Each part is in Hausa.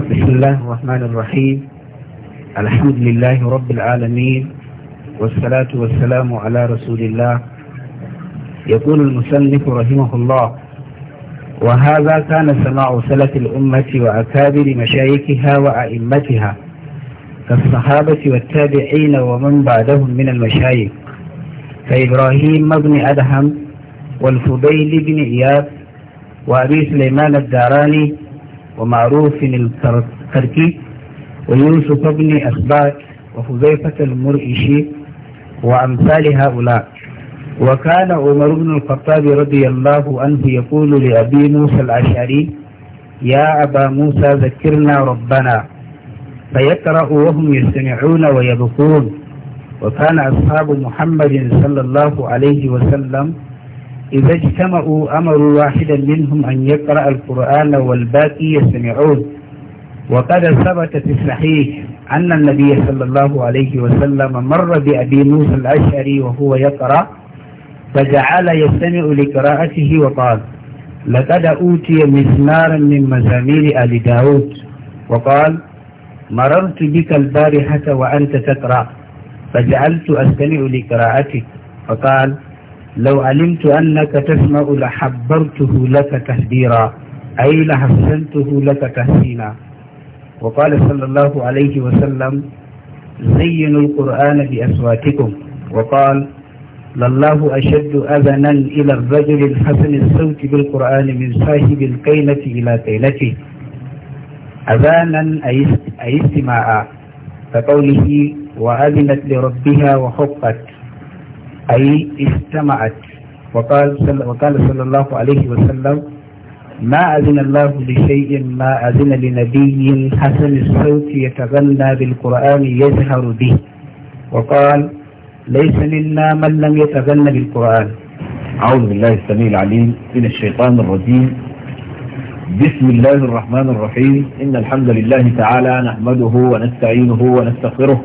بسم الله الرحمن الرحيم الحمد لله رب العالمين والصلاة والسلام على رسول الله يقول المسلف رحمه الله وهذا كان سماع سلف الأمة وأكابر مشايخها وأئمتها كالصحابة والتابعين ومن بعدهم من المشايخ كإبراهيم بن أدهم والفضيل بن إياب وأبي سليمان الداراني ومعروف التركي ويوسف بن اسباك وحذيفة المرئشي وأمثال هؤلاء وكان عمر بن الخطاب رضي الله عنه يقول لأبي موسى الأشعري يا أبا موسى ذكرنا ربنا فيقرأ وهم يستمعون ويبكون وكان أصحاب محمد صلى الله عليه وسلم إذا اجتمعوا أمروا واحدا منهم أن يقرأ القرآن والباقي يستمعون وقد ثبت في الصحيح أن النبي صلى الله عليه وسلم مر بأبي موسى الأشعري وهو يقرأ فجعل يستمع لقراءته وقال لقد أوتي مزمارا من مزامير آل داود وقال مررت بك البارحة وأنت تقرأ فجعلت أستمع لقراءتك فقال لو علمت أنك تسمع لحبرته لك تهديرا أي لحسنته لك تحسينا وقال صلى الله عليه وسلم زينوا القرآن بأصواتكم وقال لله أشد أذنا إلى الرجل الحسن الصوت بالقرآن من صاحب الكينة إلى كينته أذانا أي استماعا كقوله وأذنت لربها وحقت أي استمعت وقال صلى, وقال صلى الله عليه وسلم ما أذن الله لشيء ما أذن لنبي حسن الصوت يتغنى بالقرآن يزهر به وقال ليس منا من لم يتغنى بالقرآن أعوذ بالله السميع العليم من الشيطان الرجيم بسم الله الرحمن الرحيم إن الحمد لله تعالى نحمده ونستعينه ونستغفره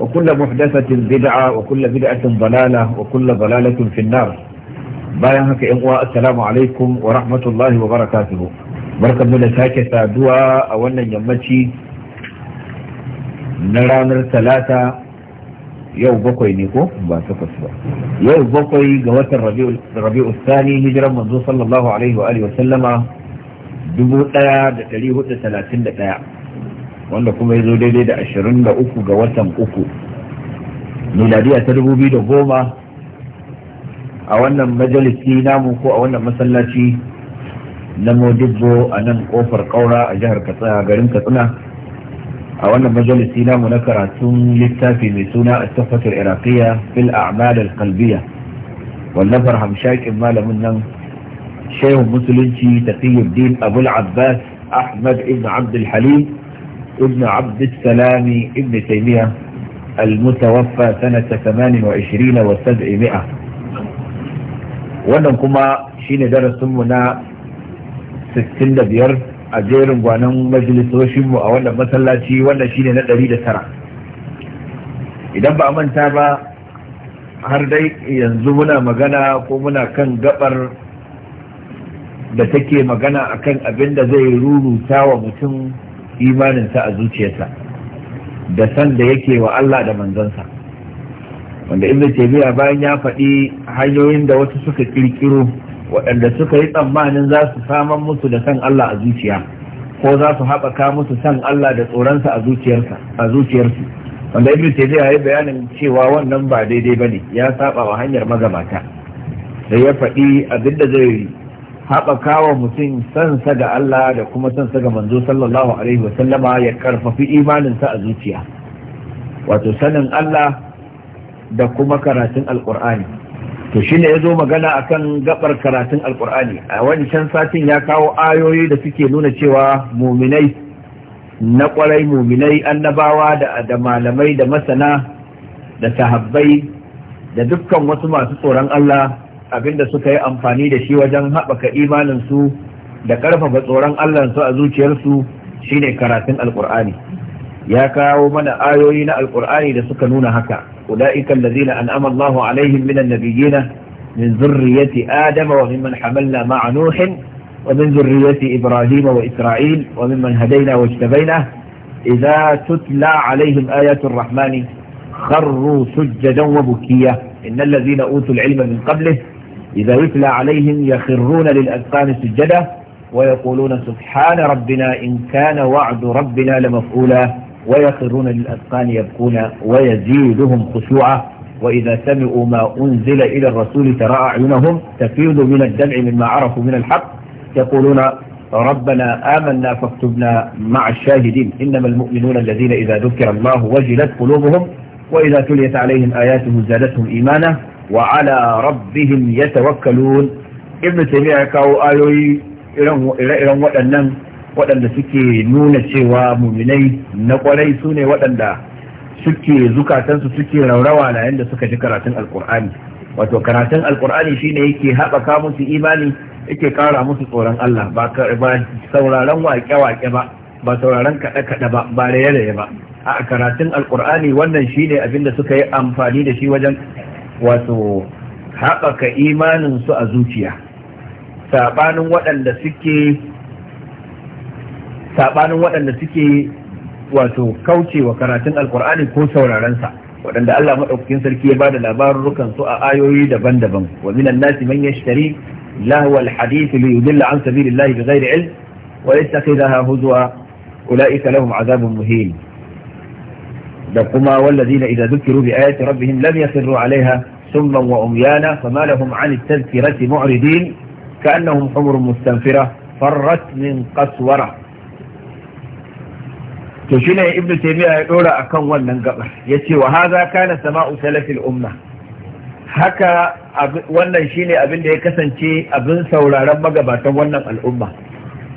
وكل محدثة بدعة وكل بدعة ضلالة وكل ضلالة في النار bayan haka yan uwa assalamu alaikum wa rahmatullahi wa barakatuhu barkamu da sake saduwa a wannan yammaci na ranar talata yau bakwai ne ko ba takwas ba yau bakwai ga watan rabi'u sani hijiran manzo sallallahu alaihi wa wanda kuma ya zo daidai da 23 ga watan uku miladiya ta 2010 a wannan majalisi namu ko a wannan masallaci na modibbo a nan kofar kaura a jihar katsina garin katsina a wannan majalisi namu na karatun littafi mai suna a tafatar iraqiyya fil a'mal al wallafar hamshakin malamin nan shehun musulunci taqiyuddin abul abbas ahmad ibn abd halim ابن عبد السلام ابن تيمية المتوفى سنة 28 و 700 wannan kuma shine darasinmu na 65 a jerin gwanon majalisoshinmu a wannan masallaci wannan ne na 109 idan ba a manta ba har dai yanzu muna magana ko muna kan gabar da take magana akan abin da zai runuta wa mutum imaninsa a zuciyarsa da san da yake wa Allah da manzansa wanda ibn biya bayan ya faɗi hanyoyin da wasu suka ƙirƙiro waɗanda suka yi tsammanin za su saman musu da san Allah a zuciya ko za su haɓaka musu san Allah da tsoronsa a zuciyarsu wanda ibn biya ya yi bayanin cewa wannan ba daidai bane ya saba wa hanyar magabata sai ya faɗi abinda da zai haɓakawa mutum sansa ga Allah da kuma sansa ga manzo sallallahu alaihi wa sallama ya karfafi imaninsa a zuciya wato sanin Allah da kuma karatun alkur'ani to shi ne ya zo magana akan gabar karatun alkur'ani a wancan satin ya kawo ayoyi da suke nuna cewa muminai na kwarai muminai annabawa da malamai da masana da sahabbai da dukkan wasu masu tsoron Allah abinda suka yi amfani da shi wajen haɓaka imaninsu da ƙarfafa tsoron allahnsu a zuciyarsu shine karatun alƙur'ani ya kawo mana ayoyi na alƙur'ani da suka nuna haka ula'ika allazina an'ama Allahu alaihim minan nabiyina min zurriyyati adama wa mimman hamalna ma'a nuhin wa min zurriyyati ibrahima wa isra'il wa mimman hadaina wa ijtabaina idza tutla alaihim ayatul rahmani kharru sujjadan wa bukiya innal lazina utul ilma min qablihi إذا يتلى عليهم يخرون للأذقان سجدا ويقولون سبحان ربنا إن كان وعد ربنا لمفعولا ويخرون للأذقان يبكون ويزيدهم خشوعا وإذا سمعوا ما أنزل إلى الرسول ترى أعينهم تفيض من الدمع مما عرفوا من الحق يقولون ربنا آمنا فاكتبنا مع الشاهدين إنما المؤمنون الذين إذا ذكر الله وجلت قلوبهم وإذا تليت عليهم آياته زادتهم إيمانا wa ala ya tawakkalu, ibnu taymiya ya kawo ayoyi irin waɗannan waɗanda suke nuna cewa muminai na kwarai sune waɗanda suke zukatansu suke raurawa yayin da suka ji karatun alkur'ani wato karatun alkur'ani shine yake haɓaka musu imani yake kara musu tsoron Allah ba sauraron waƙe-waƙe ba ba sauraron kaɗe-kaɗe ba ba raye ba A'a karatun alkur'ani wannan shine abin da suka yi amfani da shi wajen wato haɓaka imaninsu a zuciya saɓanin waɗanda suke saɓanin waɗanda suke wato kaucewa karatun alkur'ani ko saurarensa waɗanda Allah maɗaukakin sarki ya bada labarurukan su a ayoyi daban-daban wa minan nasi man yashtari lahwa alhadith li yudilla an sabilillahi bighairi ilm wa yattakhidha huzwa ulaika lahum azabun muhin da kuma wallazina idza dhukiru bi ayati rabbihim lam yasirru alaiha summan wa umyana fama lahum an tadhkirati mu'ridin ka'annahum humurun mustanfira farrat min qaswara to shine ibnu taymiya ya dora akan wannan gabar yace wa hadha kana sama'u salafil umma haka wannan shine abin da ya kasance abin sauraron magabatan wannan al'umma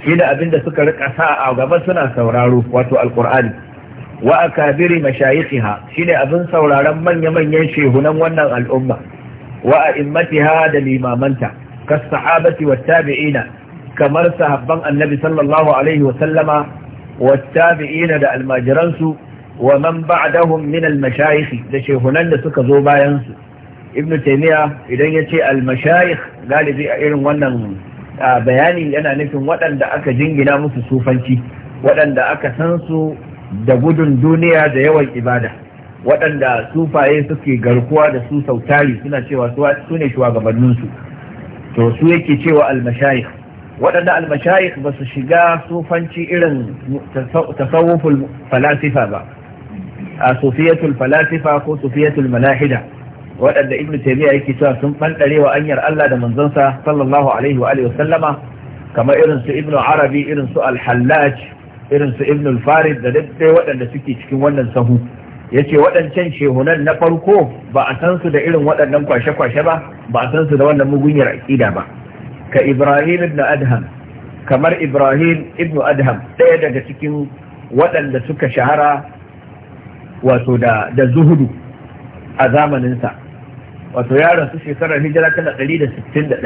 shine abin da suka rika sa a gaba suna sauraro wato alqur'ani wa akabiri mashayikha shine abin sauraron manya-manyan shehunan wannan al'umma wa a'immatiha da limamanta kas sahabati wat tabi'ina kamar sahabban annabi sallallahu alaihi wa sallama tabi'ina da almajiransu wa man ba'dahum min da shehunan da suka zo bayan su ibnu taymiya idan yace al galibi a irin wannan bayani yana nufin waɗanda aka jingina musu sufanci waɗanda aka san su da gudun duniya da yawan ibada waɗanda sufaye suke garkuwa da su sautari suna cewa su ne shugabanninsu to su yake cewa almashayikh waɗanda almashayikh ba su shiga sufanci irin tasawuful falasifa ba a sufiyatul falasifa ko sufiyatul malahida waɗanda ibnu taymiya yake cewa sun fantare wa anyar Allah da manzonsa sallallahu alaihi wa alihi wasallama kamar irin su ibnu arabi irin su al-hallaj irin su ibn Faris farid da dai waɗanda suke cikin wannan sahu Ya ce waɗancan shehunan na farko ba a san su da irin waɗannan kwashe-kwashe ba ba a san su da wannan mugunyar aƙida ba ka ibrahim ibn adham kamar ibrahim ibn adham ɗaya daga cikin waɗanda suka shahara wato da da zuhudu a zamaninsa wato ya rasu shekarar hijira tana 161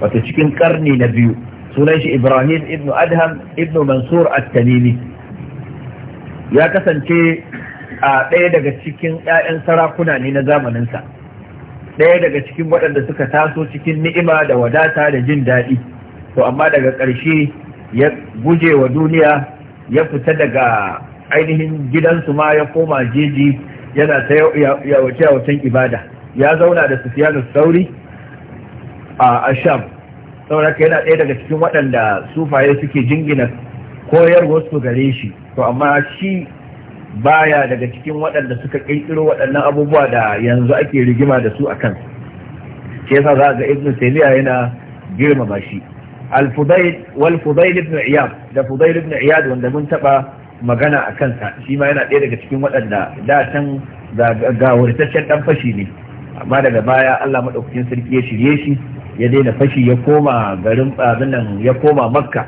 wato cikin karni na biyu sunan shi ibrahim ibnu adham ibnu mansur at-tamimi ya kasance a ɗaya daga cikin 'ya'yan sarakuna ne na zamaninsa ɗaya daga cikin waɗanda suka taso cikin ni'ima da wadata da jin daɗi to amma daga ƙarshe ya guje wa duniya ya fita daga ainihin gidansu ma ya koma jeji yana ta yawace-yawacen ibada ya zauna da sufiyanu sauri a asham saboda yana ɗaya daga cikin waɗanda sufaye suke jingina koyar wasu gare shi to amma shi baya daga cikin waɗanda suka ƙirƙiro waɗannan abubuwa da yanzu ake rigima da su a kan ke yasa za ga ibnu taymiya yana girmama shi al iyad da fudail ibn iyad wanda mun taɓa magana a kansa shi ma yana ɗaya daga cikin waɗanda da can ga wurtaccen dan fashi ne amma daga baya Allah madaukakin sarki ya shirye shi ya daina fashi ya koma garin nan ya koma makka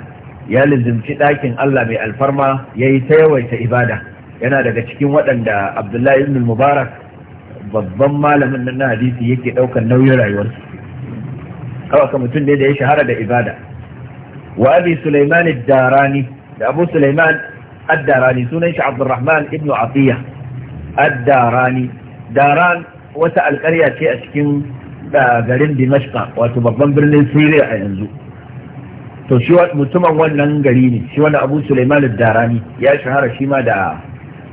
ya lizimci ɗakin allah mai alfarma ya yi ta yawaita ibada yana daga cikin waɗanda abdullahi ibn mubarak babban malamin nan na hadisi yake ɗaukar nauyin rayuwarsu Kawaka mutum ne da ya shahara da ibada wa abi sulaiman darani da abu sulaiman ad-darani sunan shi abdurrahman ibn atiya ad-darani daran wata alƙarya ce a cikin garin dimashka wato babban birnin siriya a yanzu to shi mutumin wannan gari ne shi wani abu suleiman darani ya shahara shi ma da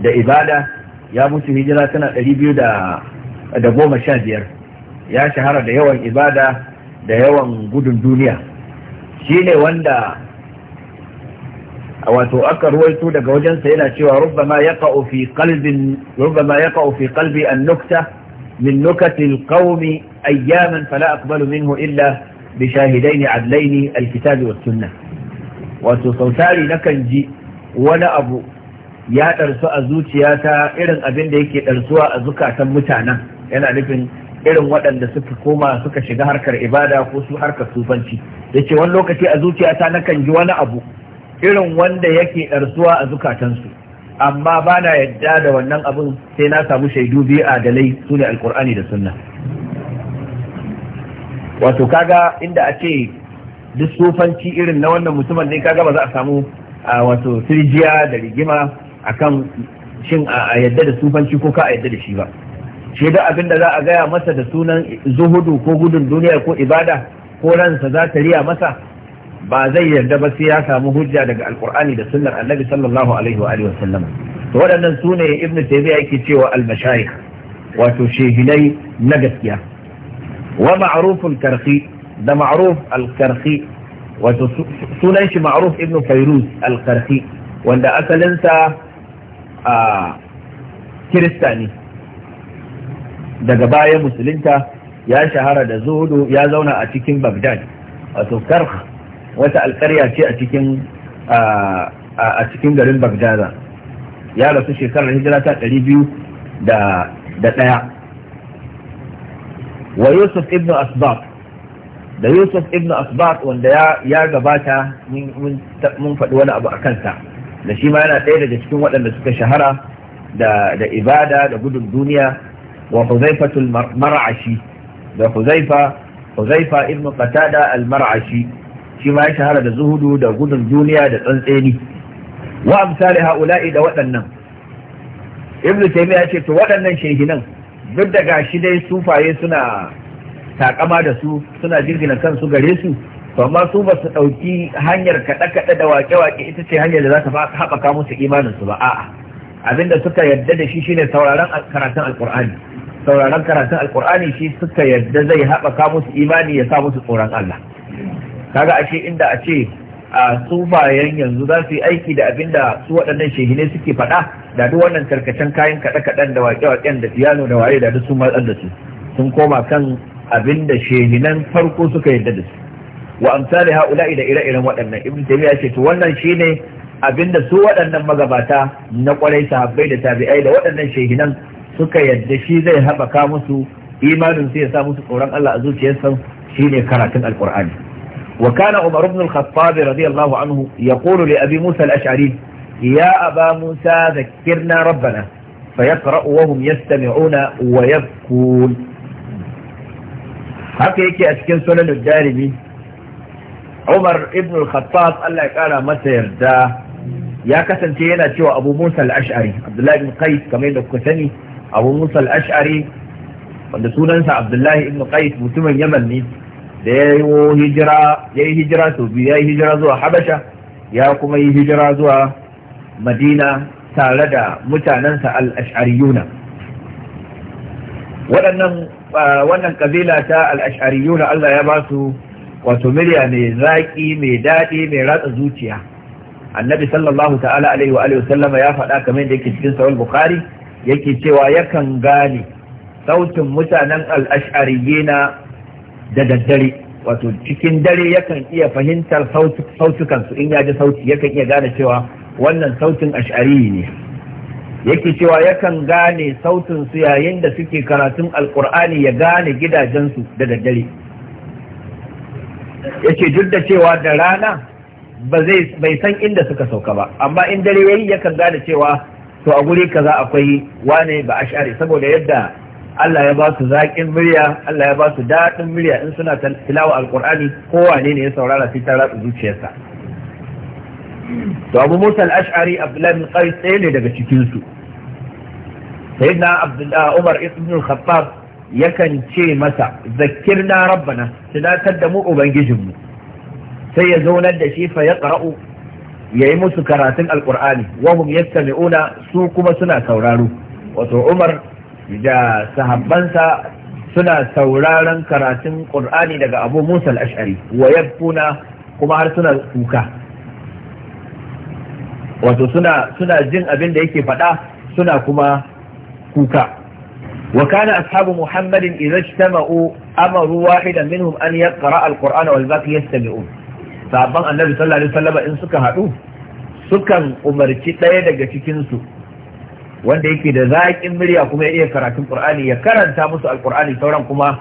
ibada ya mutu hijira tana ɗari biyu da goma sha biyar ya shahara da yawan ibada da yawan gudun duniya shi ne wanda wato aka ruwaito daga wajensa yana cewa rubba ya fi kalbi an-nukta من نكت القوم أياما فلا أقبل منه إلا بشاهدين عدلين الكتاب والسنة وتصوتاري نكنجي ولا أبو ya ɗarsu a zuciyata irin abin da yake ɗarsuwa a zukatan mutanen yana nufin irin waɗanda suka koma suka shiga harkar ibada ko su harkar sufanci da ce wani lokaci a zuciyata nakan ji wani abu irin wanda yake ɗarsuwa a zukatansu amma ba na yadda da wannan abin sai na samu shaidu biyu a adalai su ne alkur'ani da sunna wato kaga inda a ce duk sufanci irin na wannan mutumin ne kaga ba za a samu a wato sirjiya da rigima a kan shin a yadda da sufanci ko ka a yadda da shi ba shi da abin da za a gaya masa da sunan zuhudu ko gudun duniya ko ibada ko ransa za ta riya masa ba zai yarda ba sai ya samu hujja daga alkur'ani da sunnar annabi sallallahu alaihi wa alihi wasallam to waɗannan sune ibnu taymiya yake cewa al-mashayikh wato shehinai na gaskiya wa ma'ruf al da ma'ruf al-karhi wato sunan shi ma'ruf ibnu fayruz al-karhi wanda asalinsa a kirista ne daga baya musulunta ya shahara da zuhudu ya zauna a cikin bagdad wato karh wata alƙarya ce a cikin garin Bagdada. ya rasu shekarar hijira ta ɗari biyu da ɗaya wa yusuf ibn asbaq da yusuf ibn asbaq wanda ya gabata mun faɗi wani abu a kansa da shi ma yana ɗaya daga cikin waɗanda suka shahara da ibada da gudun duniya wa huzaifatul mar'ashi da huzaifa huzaifa ibn qatada al-mar'ashi shi ma ya shahara da zuhudu da gudun duniya da tsantseni wa amsali haula'i da waɗannan ibnu taymiya ya ce to waɗannan shehinan duk da gashi dai sufaye suna takama da su suna jirgina kansu gare su amma su ba su ɗauki hanyar kaɗe-kaɗe da wake-wake ita ce hanyar da za ta haɓaka musu imaninsu ba a'a abinda suka yarda da shi shine sauraron karatun Alƙur'ani. sauraron karatun alkur'ani shi suka yarda zai haɓaka musu imani ya sa musu tsoron Allah kaga ashe inda a ce a sufayen yanzu za su yi aiki da abin da su waɗannan shehine suke faɗa da duk wannan karkacen kayan kaɗe-kaɗen da waƙe-waƙen da fiyano da waye da duk sun matsar da su sun koma kan abin da shehinan farko suka yarda da su wa amsali ha'ula'i da ire-iren waɗannan ibn taymiya ce to wannan shine abin da su waɗannan magabata na ƙwarai sahabbai da tabi'ai da waɗannan shehinan suka yarda shi zai haɓaka musu imanin su ya sa musu tsoron Allah a zuciyarsa shine karatun alƙur'ani وكان عمر بن الخطاب رضي الله عنه يقول لأبي موسى الأشعري يا أبا موسى ذكرنا ربنا فيقرأ وهم يستمعون ويبكون haka yake a cikin sunanin darimi umar ibn al-khattab Allah ya kara masa yarda ya kasance yana cewa abu musa al-ash'ari abdullahi ibn qais kamar yadda kuka sani abu ashari wanda sunansa abdullahi ibn mutumin yaman ne da ya yi hijira ya yi hijira sau biyu ya yi hijira zuwa habasha ya kuma yi hijira zuwa madina tare da mutanensa al'ashariyuna waɗannan wannan kabila ta al'ashariyuna Allah ya ba su wato miliya mai zaƙi mai daɗi mai ratsa zuciya annabi sallallahu ta'ala alaihi wa sallama ya faɗa kamar da yake cikin sahih bukhari yake cewa yakan gane sautin mutanen al'ashariyina da daddare wato cikin dare yakan iya fahimtar sautukansu in ya ji sauti yakan iya gane cewa wannan sautin ash'ari ne yake cewa yakan gane sautin su yayin da suke karatun alkur'ani ya gane gidajensu da daddare yace duk da cewa da rana ba zai bai san inda suka sauka ba amma in dare yayi yakan gane cewa to a guri kaza akwai wane ba ash'ari saboda yadda Allah ya ba su zaƙin murya Allah ya ba su daɗin murya in suna tilawa alƙur'ani kowane ne ya saurara fita ta ratsa zuciyarsa to abu musa al-ash'ari abdullahi bin qais ɗaya ne daga cikin su sayyidina abdullahi uh, umar ibn khattab yakan ce masa zakkirna rabbana tunatar da mu ubangijinmu sai ya zaunar da shi fa ya qara'u yayi musu karatun alqur'ani wa hum yastami'una su kuma suna sauraro wato umar da sahabbansa suna sauraron karatun qur'ani daga abu musa al-ash'ari wa kuma har suna kuka wato suna jin abin da yake faɗa suna kuma kuka wa kana ashabu muhammadin idza ijtama'u amaru wahidan minhum an yaqra al-qur'ana wal baqi yastami'un sahabban annabi sallallahu alaihi wasallam in suka haɗu sukan umarci ɗaya daga cikin su wanda yake da zaƙin murya kuma ya iya karatun ƙur'ani ya karanta musu Alƙur'ani sauran kuma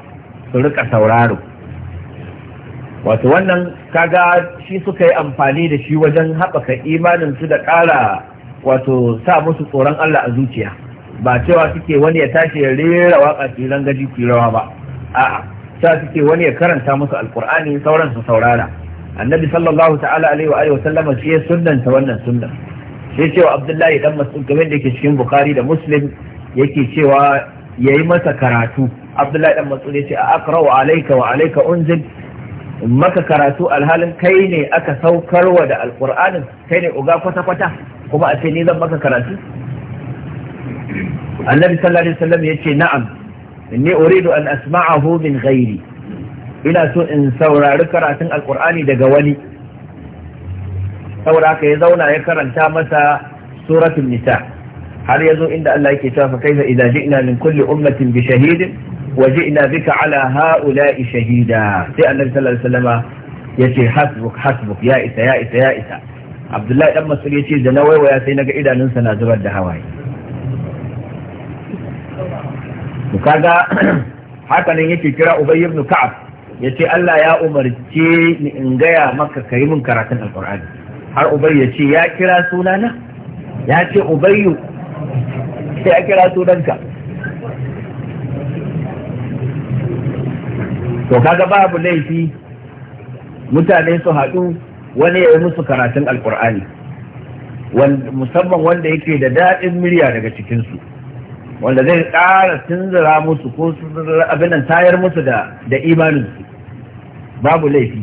su rika sauraro wato wannan kaga shi suka yi amfani da shi wajen haɓaka imanin su da ƙara wato sa musu tsoron Allah a zuciya ba cewa suke wani ya tashi ya rera waƙa su rangaji su rawa ba a'a sa suke wani ya karanta musu Alƙur'ani sauran su saurara annabi sallallahu ta'ala alaihi wa wa sallama shi ya sunnanta wannan sunnan sai cewa abdullahi dan mas'ud kamar da ke cikin bukhari da muslim yake cewa yayi masa karatu abdullahi dan mas'ud yace a aqra'u alayka wa alayka unzil maka karatu alhalin kai ne aka saukarwa da alqur'anin kai ne uga kwata kwata kuma a ce ni zan maka karatu annabi sallallahu alaihi wasallam yace na'am inni uridu an asma'ahu min ghairi ina so in saurari karatun alqur'ani daga wani saboda haka ya zauna ya karanta masa suratul nisa har yazo inda Allah yake cewa fa kaifa idza ji'na min kulli ummatin bi shahidin wa ji'na bika ala ha'ula'i shahida sai annabi sallallahu alaihi wasallama yace hasbuk hasbuk ya isa ya isa ya isa Abdullahi dan Mas'ud yace da na waiwaya sai naga idanunsa na zubar da hawaye kaga haka nan yake kira Ubay ibn Ka'ab yace Allah ya umarce ni in gaya maka kai mun karatun al Alqur'ani har ubayyu ya ce ya kira sunana ya ce ubayyu sai ya kira sunanka to kaga babu laifi mutane su haɗu wani ya yi musu karatun alkur'ani musamman wanda yake da daɗin murya daga cikinsu wanda zai ƙara tunzura musu ko abinan tayar musu da imaninsu babu laifi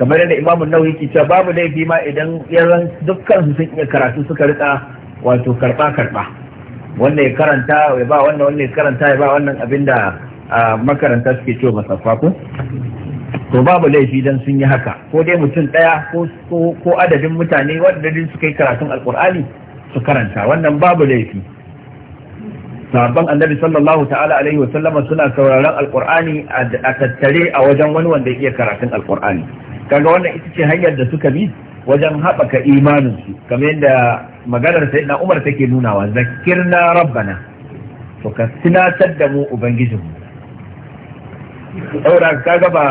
kamar yadda imamun nauyi ke cewa babu laifi ma idan yaran dukkan su sun iya karatu suka rika wato karba karba wanda ya karanta ya ba wannan wanda ya karanta ya ba wannan abin da makaranta suke cewa masaffa ko to babu laifi dan sun yi haka ko dai mutum daya ko ko adadin mutane wanda din suka yi karatun alkur'ani su karanta wannan babu laifi sabon annabi sallallahu ta'ala alaihi wa sallama suna sauraron alkur'ani a tattare a wajen wani wanda ya iya karatun alkur'ani kaga wannan ita ce hanyar da suka bi wajen haɓaka imaninsu kamar yadda maganar sai na umar take nunawa zakirna rabbana to ka tunatar da mu ubangijinmu saboda kaga ba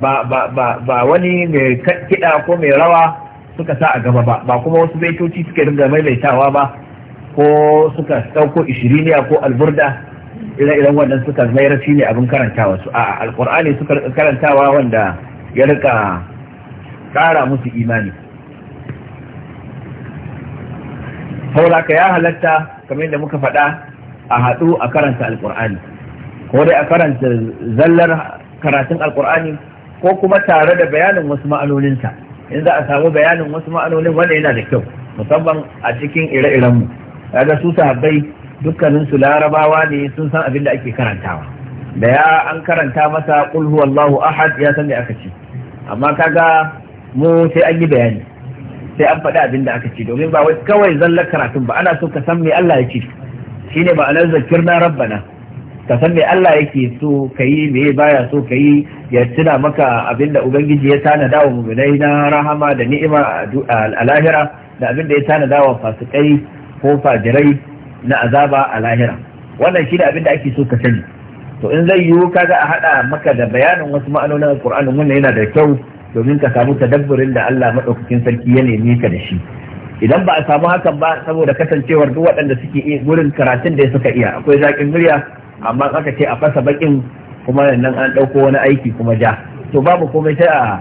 ba ba ba ba wani mai kiɗa ko mai rawa suka sa a gaba ba ba kuma wasu baitoci suke dinga maimaitawa ba ko suka ɗauko ishiriniya ko alburda ire-iren wannan suka mayar shi ne abin karantawa su a alkur'ani suka karantawa wanda ya rika ƙara musu imani saboda ya halatta kamar yadda muka faɗa a haɗu a karanta alƙur'ani ko dai a karanta zallar karatun alƙur'ani ko kuma tare da bayanin wasu ma'anoninsa in za a samu bayanin wasu ma'anonin wanda yana da kyau musamman a cikin ire-irenmu kaga su sahabbai dukkaninsu larabawa ne sun san abin da ake karantawa da ya an karanta masa kulhu huwallahu ahad ya san me aka ce amma kaga mu sai an yi bayani sai an faɗi abin da aka ci. domin ba wai kawai zallar karatun ba ana so ka san me Allah ya shine ma'anar zakirna rabbana ka san me Allah yake so ka yi me baya so ka yi ya tuna maka abinda ubangiji ya tanada wa mu'minai na rahama da ni'ima a lahira da abinda ya tana wa fasikai ko fajirai na azaba a lahira wannan shi abin da ake so ka sani to in zai yiwu kaga a haɗa maka da bayanin wasu ma'anonin alƙur'anin wannan yana da kyau domin ka samu tadabburin da Allah madaukakin sarki ya neme ka da shi idan ba a samu hakan ba saboda kasancewar duk waɗanda suke gurin karatun da suka iya akwai zakin murya amma aka ce a fasa bakin kuma nan an ɗauko wani aiki kuma ja to babu komai sai a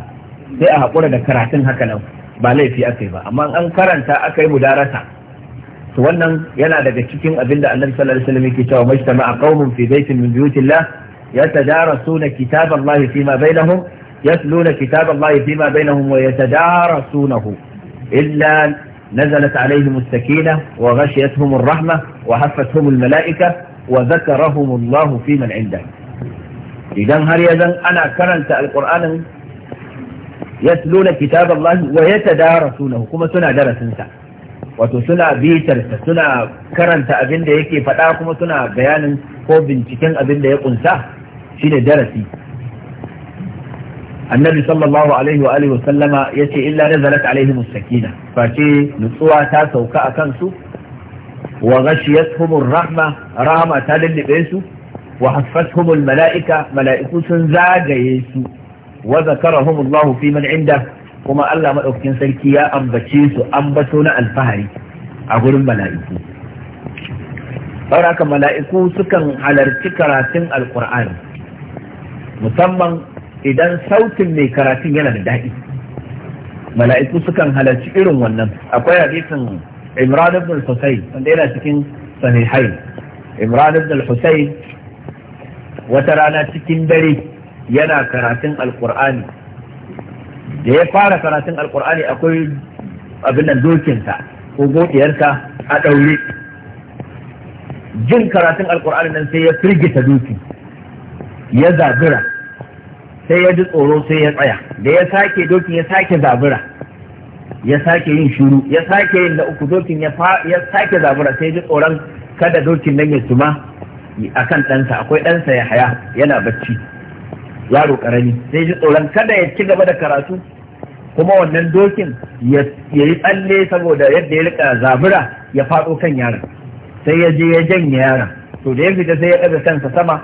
sai a haƙura da karatun haka nan ba laifi aka yi ba amma an karanta aka yi mudarasa wannan yana daga cikin abin da annabi sallallahu alaihi wasallam yake cewa majtama'a qaumun fi baitin min buyutillah yatadarasuna kitaballahi ma bainahum yatluna kitaballahi ma bainahum wa yatadarasunahu illa نزلت عليهم السكينة وغشيتهم الرحمة وحفتهم الملائكة وذكرهم الله في من عنده إذن هل يزن أنا كرنت القرآن يتلون كتاب الله ويتدارسونه كما سنة درس انسان wato suna bitarsa suna karanta abin da yake faɗa kuma suna bayanin ko binciken abin da ya kunsa shine darasi annabi sallallahu alaihi wa alihi sallama yace illa nazalat alaihim sakina face nutsuwa ta sauka akan su wa ghashiyatuhum rahma rahma ta lullube su wa haffatuhum mala'ika mala'iku sun zagaye su wa zakarahum Allah fi man inda kuma Allah maɗaukakin sarki ya ambace su ambato na alfahari a gurin mala'iku sauraka mala'iku sukan halarci karatun alkur'ani musamman idan sautin mai karatun yana da daɗi mala'iku sukan halarci irin wannan akwai hadisin imran ibn husayn wanda yana cikin sahihai imran ibn wata rana cikin dare yana karatun alkur'ani da ya fara karatun alkur'ani akwai abin nan dokinsa ko gotiyarsa a ɗaure jin karatun alkur'ani nan sai ya firgita doki ya zabira sai ya ji tsoro sai ya tsaya da ya sake dokin ya sake zabira ya sake yin shuru ya sake yin da uku dokin ya sake zabura sai ya ji tsoron kada dokin nan ya suma kan ɗansa akwai ɗansa ya haya yana bacci yaro karami sai ji tsoron kada ya ci gaba da karatu kuma wannan dokin ya yi tsalle saboda yadda ya rika zabura ya faɗo kan yaron sai ya je ya janye yaron to da ya fita sai ya ɗaga kansa sama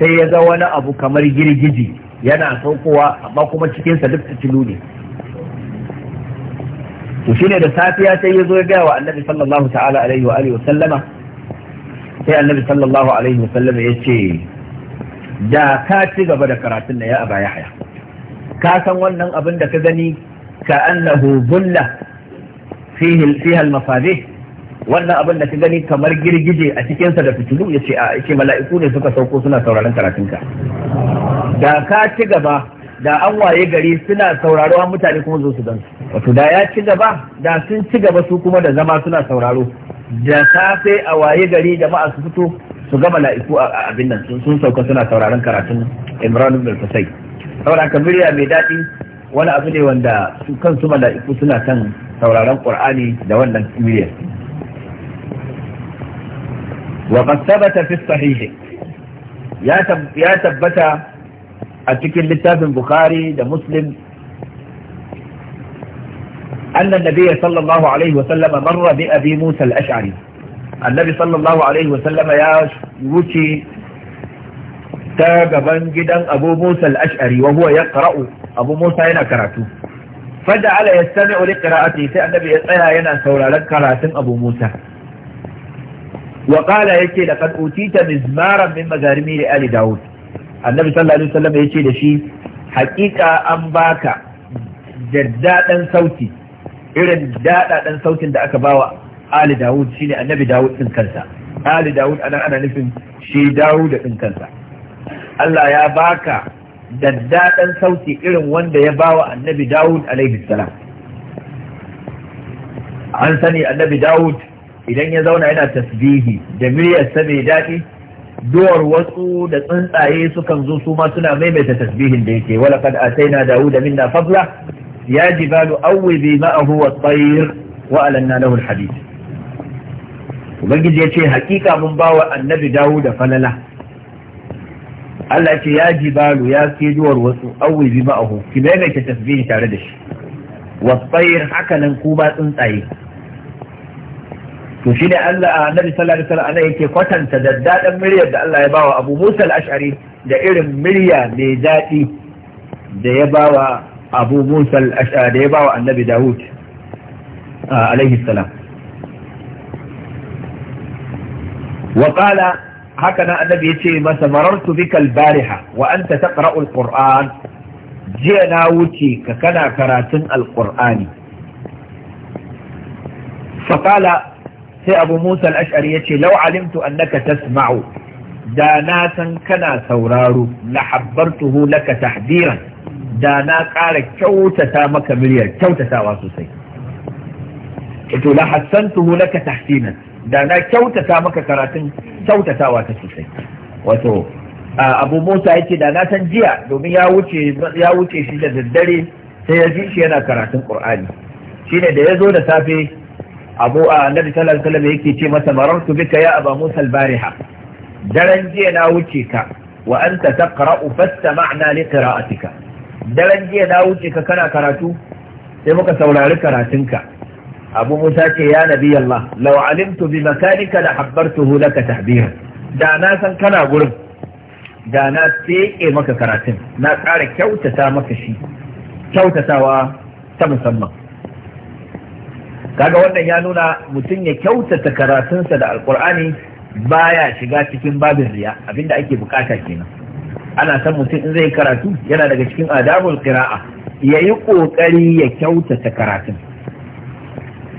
sai ya ga wani abu kamar girgiji yana saukowa amma kuma cikinsa duk tulu ne to shine da safiya sai ya zo ya gaya wa annabi sallallahu ta'ala alaihi wa alihi wa sallama sai annabi sallallahu alaihi wa sallama ya ce da ka ci gaba da karatun na ya a ya haya ka san wannan abin da ka gani ka annahu bulla fihi al wannan abin da ka gani kamar girgije a cikinsa da fitilu ya ce a ce mala'iku ne suka sauko suna sauraron karatunka da ka ci gaba da an waye gari suna sauraro mutane kuma zo su wato da ya ci gaba da sun ci gaba su kuma da zama suna sauraro da safe a waye gari jama'a su fito su ga mala'iku a abin nan sun sauka suna sauraron karatun Imran ibn Husayn saboda ka murya mai daɗi wani abu ne wanda su kansu mala'iku suna kan sauraron Qur'ani da wannan muryar wa qad thabata fi sahih ya tabbata a cikin littafin Bukhari da Muslim أن النبي صلى الله عليه وسلم مر بأبي موسى الأشعري annabi sallallahu alaihi wasallama ya wuce ta gaban gidan abu musa al-ash'ari wa huwa ƙara'u abu musa yana karatu ya sami wani qira'ati sai annabi ya tsaya yana sauraron karatun abu musa wa qala yake da kad utita mizmaran min mazarimi da ali Dawud. annabi sallallahu alaihi wasallam yace da shi haƙiƙa an baka da daddaɗan sauti irin daɗaɗan sautin da aka bawa ali dawud ne annabi dawud ɗin kansa ali dawud anan ana nufin shi dawud ɗin kansa Allah ya baka daddaɗan sauti irin wanda ya bawa annabi dawud alaihi salam an sani annabi dawud idan ya zauna yana tasbihi da muryarsa mai daɗi duwar wasu da tsuntsaye sukan zo su ma suna maimaita tasbihin da yake wala kad ataina dawuda minna fadla ya jibalu awwibi ma'ahu wat-tayr wa alanna lahu al ubangiji ya ce hakika mun bawa annabi dawo da falala Allah ce ya ji balu ya ke duwar wasu auwe bi ma'ahu ki maimaita tasbihi tare da shi wasfair haka nan ku tsuntsaye to shi ne Allah a annabi sallallahu alaihi wasallam yake kwatanta da daɗin miryar da Allah ya bawa Abu Musa al-Ash'ari da irin mirya mai daɗi da ya bawa Abu Musa al-Ash'ari da ya bawa Annabi Dawud alaihi salam وقال هكذا النبي يتي ما مررت بك البارحة وأنت تقرأ القرآن جئنا وتي ككنا كراتن القرآن فقال سي أبو موسى الأشعري يتي لو علمت أنك تسمع داناسا كنا سورار لحبرته لك تحذيرا دانا قال كوتتا مك مليار كوتتا واسوسي قلت لحسنته لك تحسينا da na kyautata maka karatun kyautatawa ta sosai wato abu musa ya ce da na san jiya domin ya wuce shi da daddare sai ya ji shi yana karatun qur'ani shine da ya zo da safe abu a nabi sallallahu alaihi yake ce masa marartu bika ya aba musa bariha daren jiya na wuce ka wa anta taqra'u fastama'na li qira'atika daren jiya na wuce ka kana karatu sai muka saurari karatunka abu musa ce ya nabi Allah law alimtu bi makanika la habbartuhu laka tahbira da na san kana gurin da na seke maka karatun na tsara kyautata maka shi kyautatawa ta musamman kaga wannan ya nuna mutum ya kyautata karatunsa da alkur'ani baya shiga cikin babin riya abinda ake bukata kenan ana san mutum in zai karatu yana daga cikin adabul qira'a yayi kokari ya kyautata karatun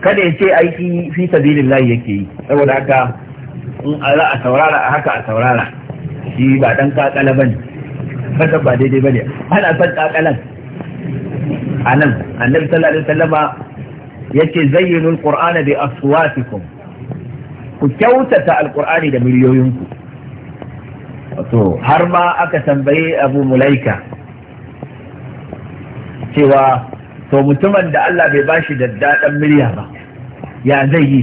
kada ya ce aiki fi sabilillahi yake yi saboda haka in za a saurara a haka a saurara shi ba dan kakala ne kasar ba daidai ne ana son kakalan anan annabi sallallahu alaihi wasallama yace zayyinu alqur'ana bi aswatikum ku kyautata alqur'ani da miliyoyinku wato har ma aka tambaye abu mulaika cewa to mutumin da Allah bai bashi da daɗan miliya ba ya zai yi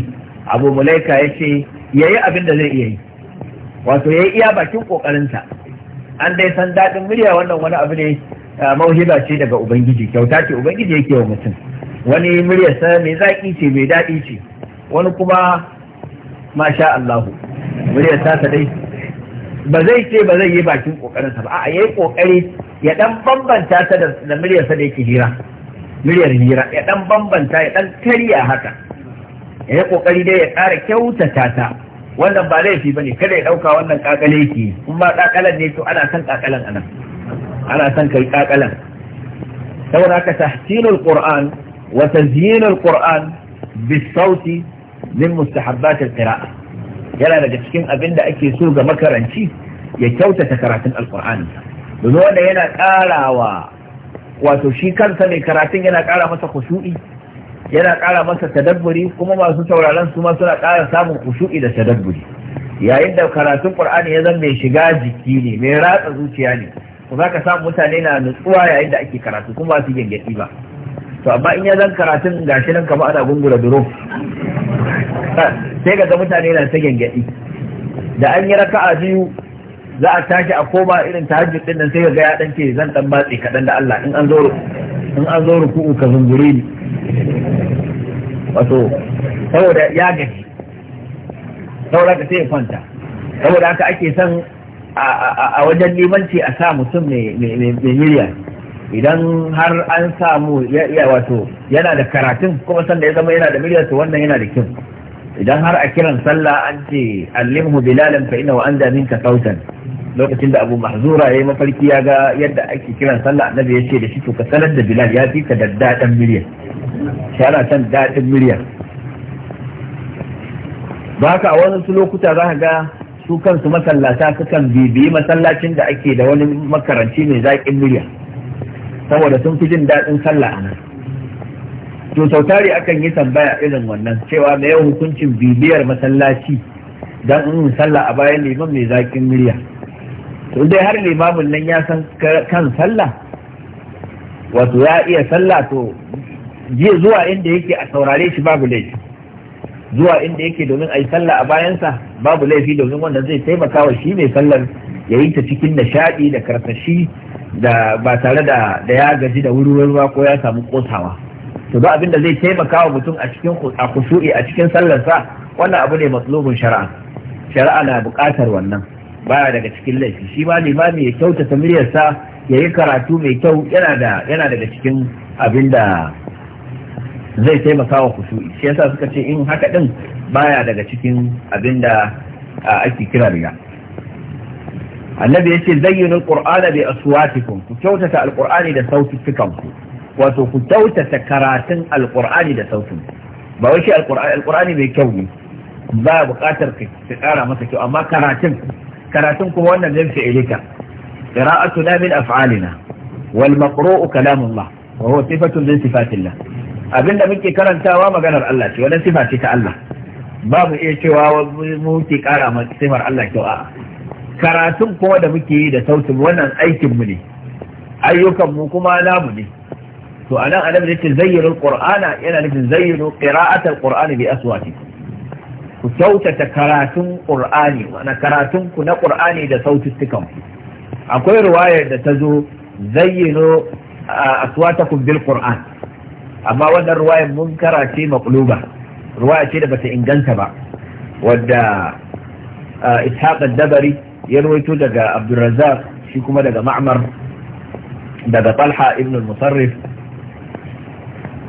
abu mulaika ya ce ya yi abin da zai iya yi wato ya yi iya bakin kokarinsa an dai san daɗin murya wannan wani abu ne mauhiba ce daga ubangiji kyauta ce ubangiji yake wa mutum wani muryarsa mai zaƙi ce mai daɗi ce wani kuma masha Allahu murya ta dai ba zai ce ba zai yi bakin kokarinsa ba a yayi kokari ya dan bambanta ta da muryarsa da yake hira muryar hira ya dan bambanta ya dan karya haka ya kokari dai ya ƙara kyautata ta wannan ba laifi bane kada ya ɗauka wannan kakale yake in ba kakalan ne to ana son kakalan anan ana son kai kakalan saboda haka tahsinul qur'an wa tazyinul qur'an bisauti min mustahabbat alqira'a yana daga cikin abin da ake so ga makaranci ya kyautata karatun alqur'ani domin wanda yana ƙarawa wato shi kansa mai karatun yana ƙara masa khushu'i yana ƙara masa tadabburi kuma masu sauraron su ma suna ƙara samun kushu'i da tadabburi yayin da karatun qur'ani ya zama mai shiga jiki ne mai ratsa zuciya ne ko zaka samu mutane na nutsuwa yayin da ake karatu kuma su gengeti ba to amma in ya zan karatun gashi nan kamar ana gungura duro sai ga mutane na ta gengeti da an yi raka'a biyu za a tashi a koma irin tahajjud din nan sai ga ya dan ce zan dan matse kadan da Allah in an zo in an zo ka zungure ni wato saboda ya gaji saboda ka sai kwanta saboda haka ake son a wajen limanci a sa mutum mai miliyan. idan har an samu ya wato yana da karatun kuma sanda ya zama yana da miliyan to wannan yana da kyau idan har a kiran sallah an ce allimhu bilalan fa inna wa anza minka kautan lokacin da abu mahzura ya yi mafarki ya ga yadda ake kiran sallah annabi ya ce da shi to ka sanar da bilal ya fi ka da daɗin miliyan shi ana san daɗin miliyan ba ka a wasu lokuta za ka ga su kansu masallata sukan bibiyi masallacin da ake da wani makaranci mai zaƙin miliyan saboda sun fi jin daɗin sallah a nan to sautari akan yi tambaya irin wannan cewa me yau hukuncin bibiyar masallaci dan in sallah a bayan liman mai zaƙin miliyan to dai har limamin nan ya san kan sallah wato ya iya sallah to jiya zuwa inda yake a saurare shi babu laifi zuwa inda yake domin a yi sallah a bayansa babu laifi domin wannan zai taimaka wa shi mai sallar ya yi ta cikin nishaɗi da karsashi da ba tare da ya gaji da wuri ba ko ya samu kosawa to ba abin da zai taimaka wa mutum a cikin a kusu'i a cikin sallar sa wannan abu ne matsalobin shari'a shari'a na buƙatar wannan baya daga cikin laifi shi ma limami ya kyautata muryarsa ya yi karatu mai kyau yana daga cikin abin da zai taimaka wa kusuri shi yasa suka ce in haka din baya daga cikin abin da ake kira riya annabi ya ce zayyinu alqur'ana bi aswatikum ku kyautata alqur'ani da ku wato ku kyautata karatun alqur'ani da sautin ba wai shi alqur'ani mai kyau ne ba buƙatar ka kara masa kyau amma karatun karatun kuma wannan min fi'ilika na min af'alina wal maqru'u kalamullah wa huwa sifatun min sifatillah abinda muke karantawa maganar Allah ce wannan sifa ce ta Allah babu iya cewa mu ke kara ma sifar Allah kyau a karatun kuma da muke yi da sautin wannan aikin mu ne ayyukan mu kuma namu ne to anan annabi yace zayyiru alqur'ana yana nufin zayyiru qira'atal qur'ani bi aswatikum ku kyautata karatun qur'ani wana karatun ku na qur'ani da saututtukan ku akwai riwayar da ta zo zayyano aswatakum bil qur'an amma wannan riwayar mun ce makuluba ruwaya ce da bata inganta ba wadda ishaq dabari ya rawaito daga abdurrazzaq shi kuma daga ma'mar daga talha ibn musarrif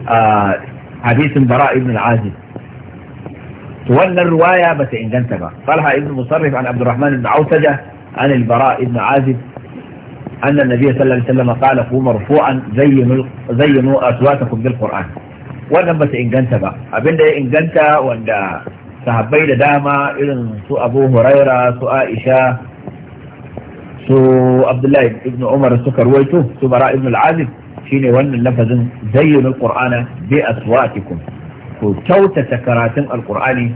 a hadisin bara ibn al-azib wannan ruwaya ba ta inganta ba talha ibn musarrif an abdurrahman ibn autada an albara ibn azib أن النبي صلى الله عليه وسلم قال قوا مرفوعا زينوا زينوا bil qur'an wannan ba ta inganta ba abinda ya inganta wanda sahabbai da dama irin su abu huraira su aisha su abdullahi ibn umar suka ruwaito su bara ibn al-azib shine wannan lafazin zayyinu al-qur'ana bi aswatikum wato kyautata karatun alkur'ani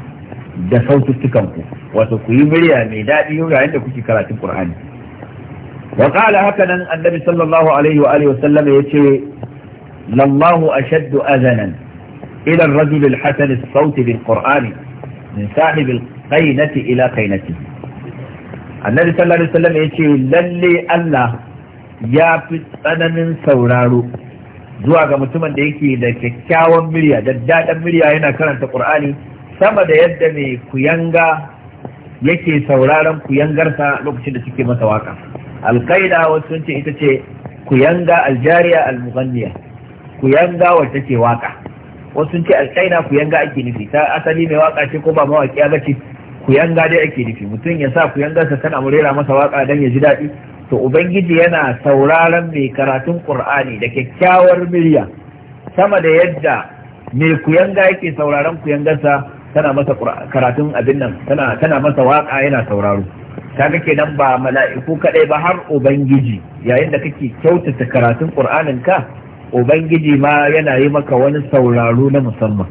da saututtukan ku wato ku yi murya mai daɗi yayin da kuke karatun qur'ani wa qala haka nan annabi sallallahu alaihi wa alihi wa yace lallahu ashaddu azanan ila ar-rajul al-hasan as-sawt bil-qur'ani min sahib al-qainati ila qainati annabi sallallahu alaihi wa yace lalle Allah ya fi tsananin sauraro zuwa ga mutumin da yake da kyakkyawan murya da daɗin murya yana karanta qur'ani sama da yadda mai kuyanga yake sauraron kuyangarsa lokacin da suke masa waka alkaida wasu sun ce ita ce kuyanga aljariya almughanniya kuyanga wacce ke waka wasu sun ce alkaida kuyanga ake nufi ta asali mai waka ce ko ba mawaƙiya ba ce kuyanga dai ake nufi mutum ya sa kuyangarsa tana murera masa waka dan ya ji daɗi to ubangiji yana sauraron mai karatun qur'ani da kyakkyawar miliya sama da yadda mai kuyanga yake sauraron kuyangarsa tana masa karatun abin nan tana tana masa waka yana sauraro kaga kenan ba mala'iku kadai ba har ubangiji yayin da kake kyautata karatun qur'anin ka ubangiji ma yana yi maka wani sauraro na musamman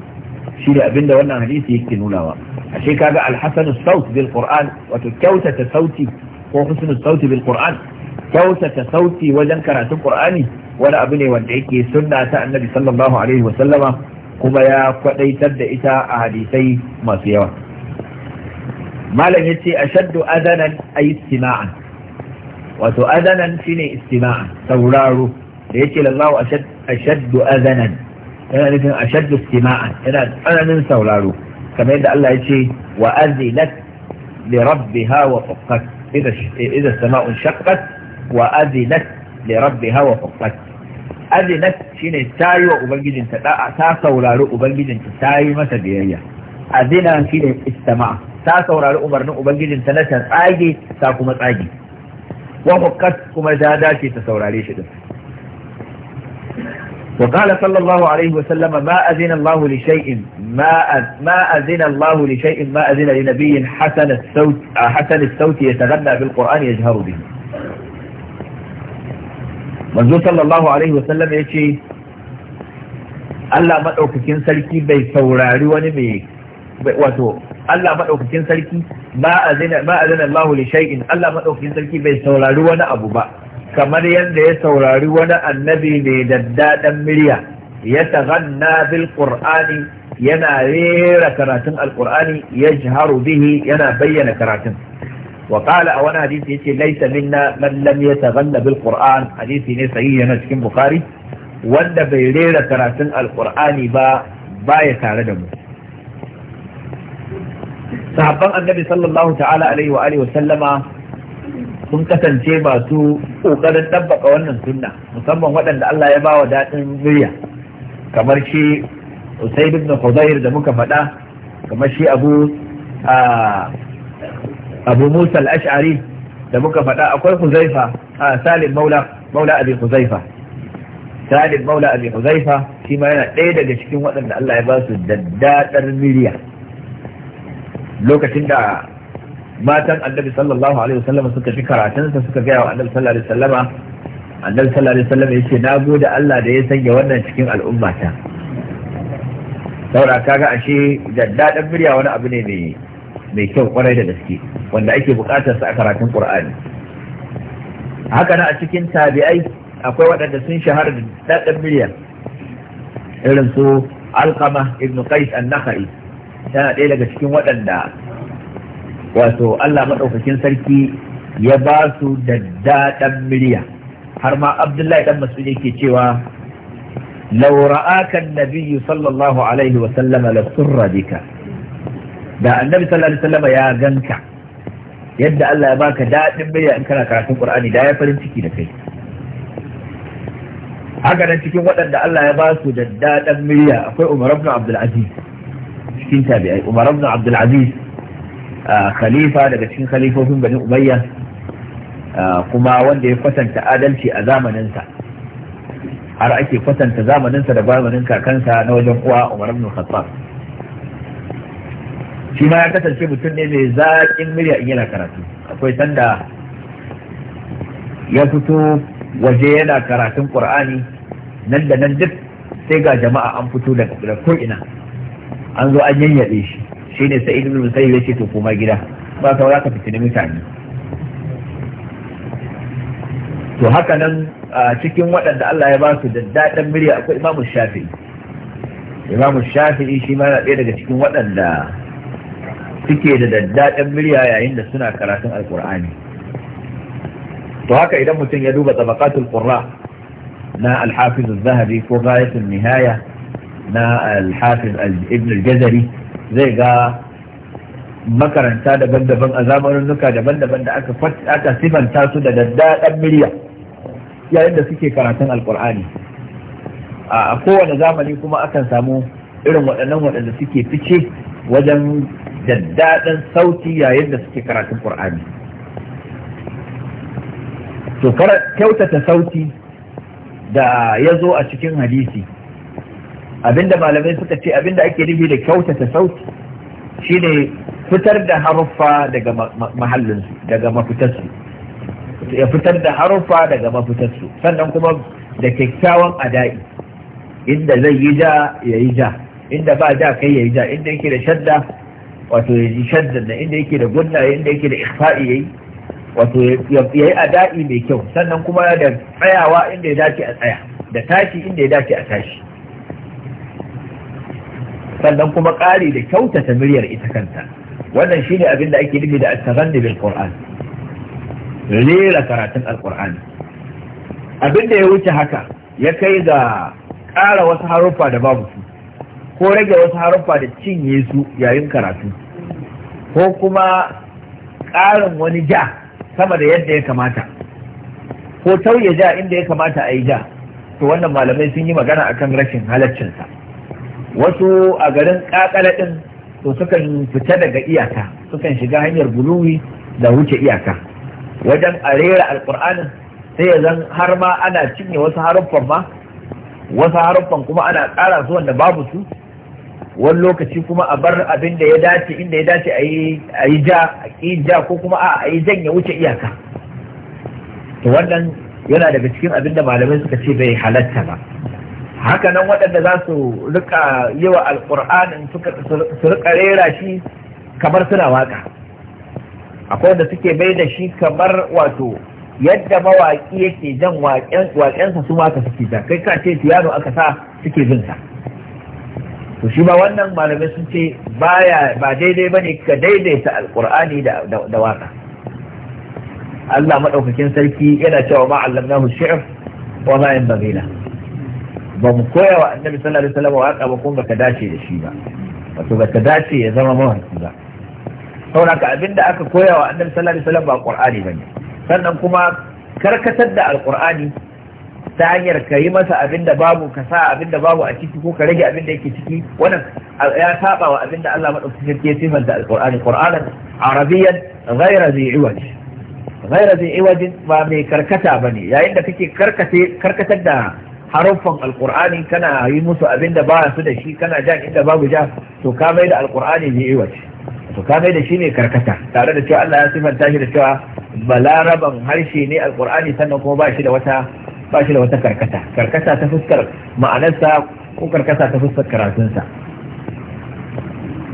shi ne abinda wannan hadisi yake nunawa ashe kaga alhasan saut bil qur'an wato kyautata sauti ko husnul sauti bil qur'an kyautata sauti wajen karatun qur'ani wani abu ne wanda yake sunna ta annabi sallallahu alaihi wa sallama kuma ya kwadaitar da ita a hadisai masu yawa malam yace ashaddu adanan ay istima'an wato adanan shine istima'a sauraro da yake lallahu ashaddu adanan yana nufin ashaddu istima'an yana tsananin sauraro kamar yadda Allah ya ce wa azinat li rabbiha wa faqqat إذا السماء انشقت وأذنت لربها وفقت أذنت شين تاي وأبنجد تا سولار أبنجد تاي مسبيعية أذنا شين استماع تا سولار أمرن أبنجد تنسى تاجي تاكم تاجي وفقت كما زاداتي تسولاري شدف وقال صلى الله عليه وسلم ما أذن الله لشيء ما ما أذن الله لشيء ما أذن لنبي حسن الصوت حسن الصوت يتغنى بالقرآن يجهر به sallallahu alaihi wasallam ya ce Allah maɗaukakin sarki bai saurari wani mai wato Allah maɗaukakin sarki ba a zina Allah li shay'in Allah maɗaukakin sarki bai saurari wani abu ba kamar yadda ya saurari wani annabi mai daddaɗan murya ya taghanna bil qur'ani yana rera karatun alqur'ani yajharu bihi yana bayyana karatun wa a wani hadisi yace laysa minna man lam yataghanna bil qur'an hadisi ne sahihi yana cikin bukhari wanda bai rera karatun alqur'ani ba baya tare da mu sahabban annabi sallallahu ta'ala alaihi wa alihi wa sallama sun kasance masu ƙoƙarin ɗabbaƙa wannan sunna musamman waɗanda Allah ya bawa daɗin murya kamar shi Usaid ibn Khudair da muka faɗa kamar shi Abu Abu Musa al-Ash'ari da muka faɗa akwai Huzaifa Salim Maula Maula Abi Huzaifa Salim Maula Abi Huzaifa shi ma yana ɗaya daga cikin waɗanda Allah ya ba su daddaɗar murya lokacin da matan annabi sallallahu alaihi wasallam suka fi karatunsa suka gaya wa annabi sallallahu alaihi wasallama annabi sallallahu alaihi wasallam ya ce na gode Allah da ya sanya wannan cikin al'ummata saboda kaga ashe daddadan murya wani abu ne mai mai kyau kwarai da gaske wanda ake buƙatar sa a karatun Qur'ani haka na a cikin tabi'ai akwai waɗanda sun shahara da daɗin miliyan. irin su Alqama ibn Qais an-Nakhai tana ɗaya daga cikin waɗanda wato Allah maɗaukakin sarki ya ba su da daɗan murya har ma abdullahi dan mas'ud ke cewa law ra'aka an-nabiy sallallahu alaihi wa sallam la surra bika da annabi sallallahu alaihi wasallam ya ganka yadda Allah ya baka daɗin murya in kana karatun Qur'ani da ya farin ciki da kai haka nan cikin waɗanda Allah ya ba su da daɗin murya akwai Umar ibn Abdul Aziz cikin tabi'ai Umar ibn Abdul Aziz Ah, khalifa daga cikin khalifofin bani umayya ah, kuma wanda ya kwatanta adalci a zamaninsa har ake kwatanta zamaninsa da zamanin kakansa na wajen uwa umar ibn khattab shi ma ya kasance mutum ne mai zaƙin murya in yana karatu akwai sanda ya fito waje yana karatun qur'ani nan da nan duk sai ga jama'a an fito da ko'ina an zo an yayyaɗe shi shine sai ibn ya ce to koma gida ba ka za ka fitini mutane to haka nan a cikin waɗanda Allah ya ba su da daɗin murya akwai imamu shafi'i imamu shafi'i shi ma na ɗaya daga cikin waɗanda suke da daddaɗin murya yayin da suna karatun alkur'ani to haka idan mutum ya duba tabaqatul qurra na al-hafiz az-zahabi ko ghayatul nihaya na al-hafiz ibn al-jazari zai ga makaranta daban-daban a zamaninnuka daban-daban da aka aka sifanta su da daddaɗan miliya yayin da suke karatun alkur'ani a kowane zamani kuma akan samu irin waɗannan waɗanda suke fice wajen daddaɗan sauti yayin da suke karatun ƙur'ani. to kyautata sauti da ya zo a cikin hadisi abinda malamai suka ce abinda ake nufi da kyautata sauti shine fitar da haruffa daga mahallinsu daga mafitarsu ya fitar da haruffa daga mafitarsu sannan kuma da kyakkyawan ada'i inda zai yi ja ya yi ja inda ba ja kai ya yi ja inda yake da shadda wato ya yi shaddan na. inda yake da gunna inda yake da ikhfa'i yayi wato ya yi ada'i mai kyau sannan kuma da tsayawa inda ya dace a tsaya da tashi inda ya dace a tashi sannan kuma ƙari da kyautata muryar ita kanta wannan shine abin da ake nufi da at-taghanni bil qur'an rera karatun al abin da ya wuce haka ya kai ga ƙara wasu haruffa da babu su ko rage wasu haruffa da cinye su yayin karatu ko kuma ƙarin wani ja sama da yadda ya kamata ko tauye ja inda ya kamata a yi ja to wannan malamai sun yi magana akan rashin halaccinsa wasu a garin kakala din to sukan fita daga iyaka sukan shiga hanyar buluwi da wuce iyaka wajen a rera alkur'anin sai ya zan har ma ana cinye wasu haruffan ma wasu haruffan kuma ana kara su wanda babu su wani lokaci kuma a bar abin da ya dace inda ya dace a yi ja a yi ja ko kuma a yi janye wuce iyaka to wannan yana daga cikin abin da malamai suka ce bai halatta ba haka nan waɗanda za su rika yi wa alƙur'anin su rika rera shi kamar suna waka akwai wanda suke bai da shi kamar wato yadda mawaƙi yake jan waƙensa su maka suke jan kai ka ce piano aka sa suke jin sa to shi ba wannan malamai sun ce baya ba daidai ba bane ka daidaita Alƙur'ani da waka Allah maɗaukakin sarki yana cewa ma'allam na shiar wa ma yanbaghi ba mu koya wa annabi sallallahu alaihi wasallam waka ba kuma baka dace da shi ba wato baka dace ya zama mawaki ba saboda ka abinda aka koya wa annabi sallallahu alaihi wasallam ba qur'ani bane sannan kuma karkatar da alqur'ani ta hanyar ka yi masa abinda babu ka sa abin babu a ciki ko ka rage abinda da yake ciki wannan ya saba wa abinda Allah madaukakin sarki ya sifanta alqur'ani qur'anan arabiyyan ghayra zai iwaj ghayra zai iwaj ba mai karkata bane yayin da kake karkace karkatar da haruffan alkur'ani kana yi musu abin da ba su da shi kana jan inda babu ja to ka mai da alkur'ani ne iwace to ka mai da shi ne karkata tare da cewa Allah ya sifanta shi da cewa balaraban harshe ne alkur'ani sannan kuma ba shi da wata ba shi da wata karkata karkata ta fuskar ma'anarsa ko karkata ta fuskar karatunsa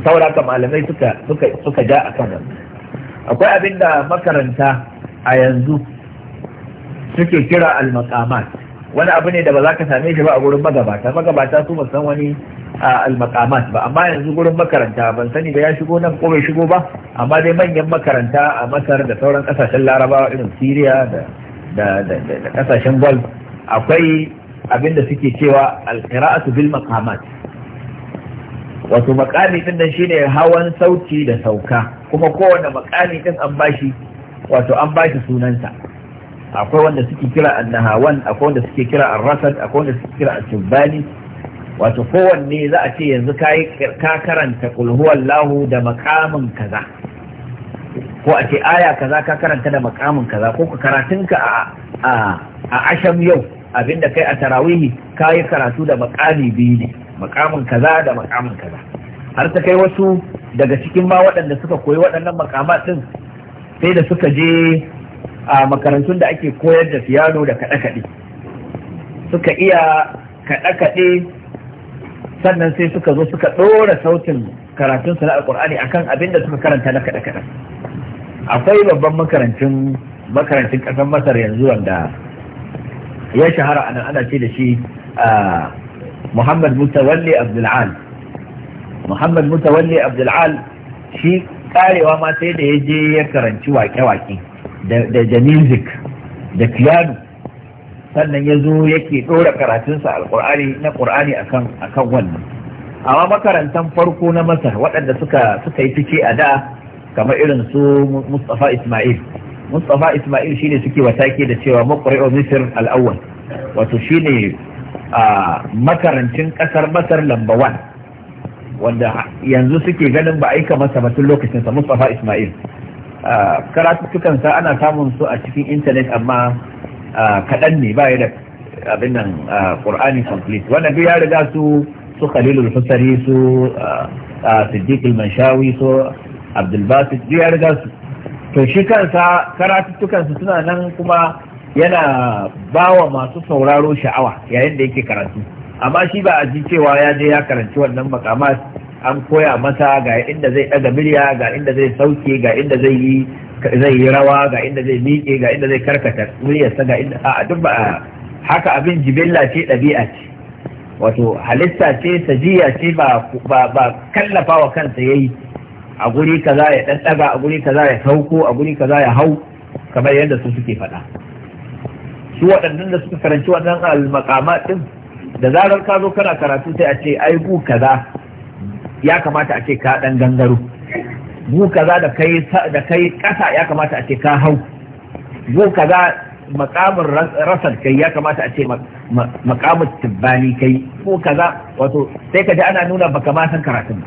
saboda haka malamai suka suka suka ja akan wannan akwai abin da makaranta a yanzu suke kira al-maqamat wani abu ne da ba za ka same shi ba a gurin magabata magabata su ba san wani almakamat ba amma yanzu gurin makaranta ban sani ba ya shigo nan ko bai shigo ba amma dai manyan makaranta a masar da sauran kasashen larabawa irin syria da da kasashen gol akwai abin da suke cewa alqira'atu bil maqamat wato makami din nan shine hawan sauti da sauka kuma kowane makami din an bashi wato an bashi sunansa akwai wanda suke kira annahawan akwai wanda suke kira arrasad akwai wanda suke kira atubani wato kowanne za a ce yanzu ka karanta kulhuwallahu da makamin kaza ko a ce aya kaza ka karanta da makamin kaza ko ka karatunka a a asham yau abinda kai a tarawihi ka yi karatu da makami biyu ne makamin kaza da makamin kaza har ta kai wasu daga cikin ma waɗanda suka koyi waɗannan makamat din sai da suka je a makarantun da ake koyar da fiyano da kaɗe-kaɗe suka iya kaɗe-kaɗe sannan sai suka zo suka ɗora sautin karatunsu na alƙur'ani kan abin da suka karanta na kaɗe-kaɗe akwai babban makarancin makarancin ƙasar masar yanzu wanda ya shahara anan ana ce da shi muhammad mutawalli abdul'al muhammad mutawalli abdul'al shi karewa ma sai da ya je ya karanci wake-wake da music da piano sannan ya zo yake ɗora karatunsa alƙur'ani na ƙur'ani akan akan wannan amma makarantan farko na masa waɗanda suka suka yi fice a da kamar irin su mustafa ismail mustafa ismail shine suke watake da cewa muqri'u misr al-awwal wato shine a makarancin kasar masar lamba 1 wanda yanzu suke ganin ba aika masa ba tun lokacinsa mustafa ismail karatuttukansa ana samun su a cikin intanet amma kaɗan ne ba da abin nan ƙur'ani complete wanda duk ya riga su su khalilul husari su siddiq manshawi su abdulbasit duk ya riga su to shi kansa karatuttukansa suna nan kuma yana ba wa masu sauraro sha'awa yayin da yake karatu amma shi ba a ji cewa ya je ya karanci wannan makama an koya masa ga inda zai ɗaga miliya ga inda zai sauke ga inda zai yi zai yi rawa ga inda zai miƙe ga inda zai karkata miliyarsa ga inda a duk ba haka abin jibilla ce ɗabi'a ce wato halitta ce sajiya ce ba ba kallafa wa kansa yayi a guri kaza ya dan a guri kaza ya sauko a guri kaza ya hau kamar yadda su suke faɗa su waɗannan da suka karanci wannan al-maqamat din da zarar ka zo kana karatu sai a ce ai bu kaza ya kamata a ce ka dan gangaro gu kaza da kai da kai kasa ya kamata a ce ka hau gu kaza makamin rasar kai ya kamata a ce makamin tibbani kai ko kaza wato sai ka ji ana nuna baka ma san karatun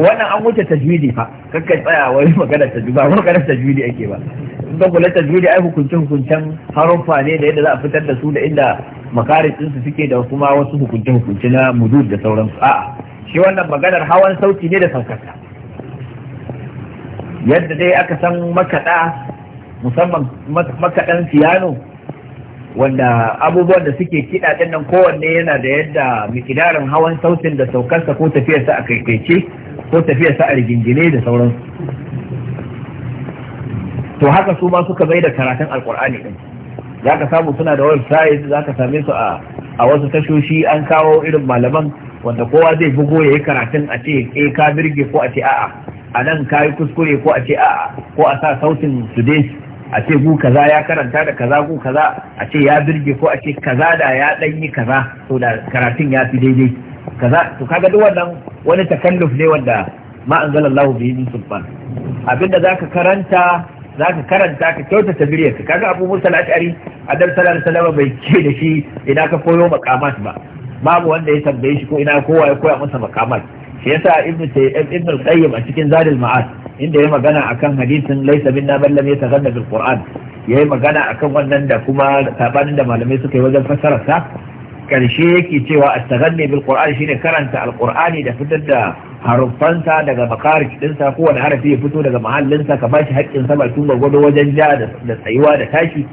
wannan an wuce tajwidi fa kakka tsaya wai magana tajwidi ba magana tajwidi ake ba don kula tajwidi ai hukuncin hukuncen harufa ne da yadda za a fitar da su da inda makarin su suke da kuma wasu hukunce hukunce na mudud da sauransu a'a shi wannan maganar hawan sauti ne da saukarta yadda dai aka san makaɗa musamman makaɗan fiyano wanda abubuwan da suke kiɗa ɗin nan kowanne yana da yadda mikidarin hawan sautin da saukarsa ko tafiyarsa a kaikaice ko tafiyarsa a rigingine da sauransu to haka su ma suka bai da karatun alkur'ani ɗin za ka samu suna da website za ka same su a wasu tashoshi an kawo irin malaman wanda kowa zai bugo ya yi karatun a ce e ka birge ko a ce a'a a nan ka yi kuskure ko a ce a'a ko a sa sautin su dai a ce gu kaza ya karanta da kaza gu kaza a ce ya birge ko a ce kaza da ya dan yi kaza to da karatun ya fi daidai kaza to kaga duk wannan wani takalluf ne wanda ma anzalallahu bihi min sulfan abinda zaka karanta za ka karanta ka kyautata ka kaga abu musa al'ashari a dan salar alaihi bai ce da shi ina ka koyo makamat ba babu wanda ya tambaye shi ko ina kowa ya koya masa makamat shi yasa ibnu ibn al-qayyim a cikin zadil ma'ad inda ya magana akan hadisin laysa minna man lam yataghanna bil qur'an yayi magana akan wannan da kuma sabanin da malamai suka yi wajen fassarar sa karshe yake cewa at-taghanni bil qur'an shine karanta al-qur'ani da fitar da harufansa daga makarik dinsa kowane harafi ya fito daga mahallinsa ka bashi haƙƙin sa bakin gwargwado wajen ja da tsayuwa da tashi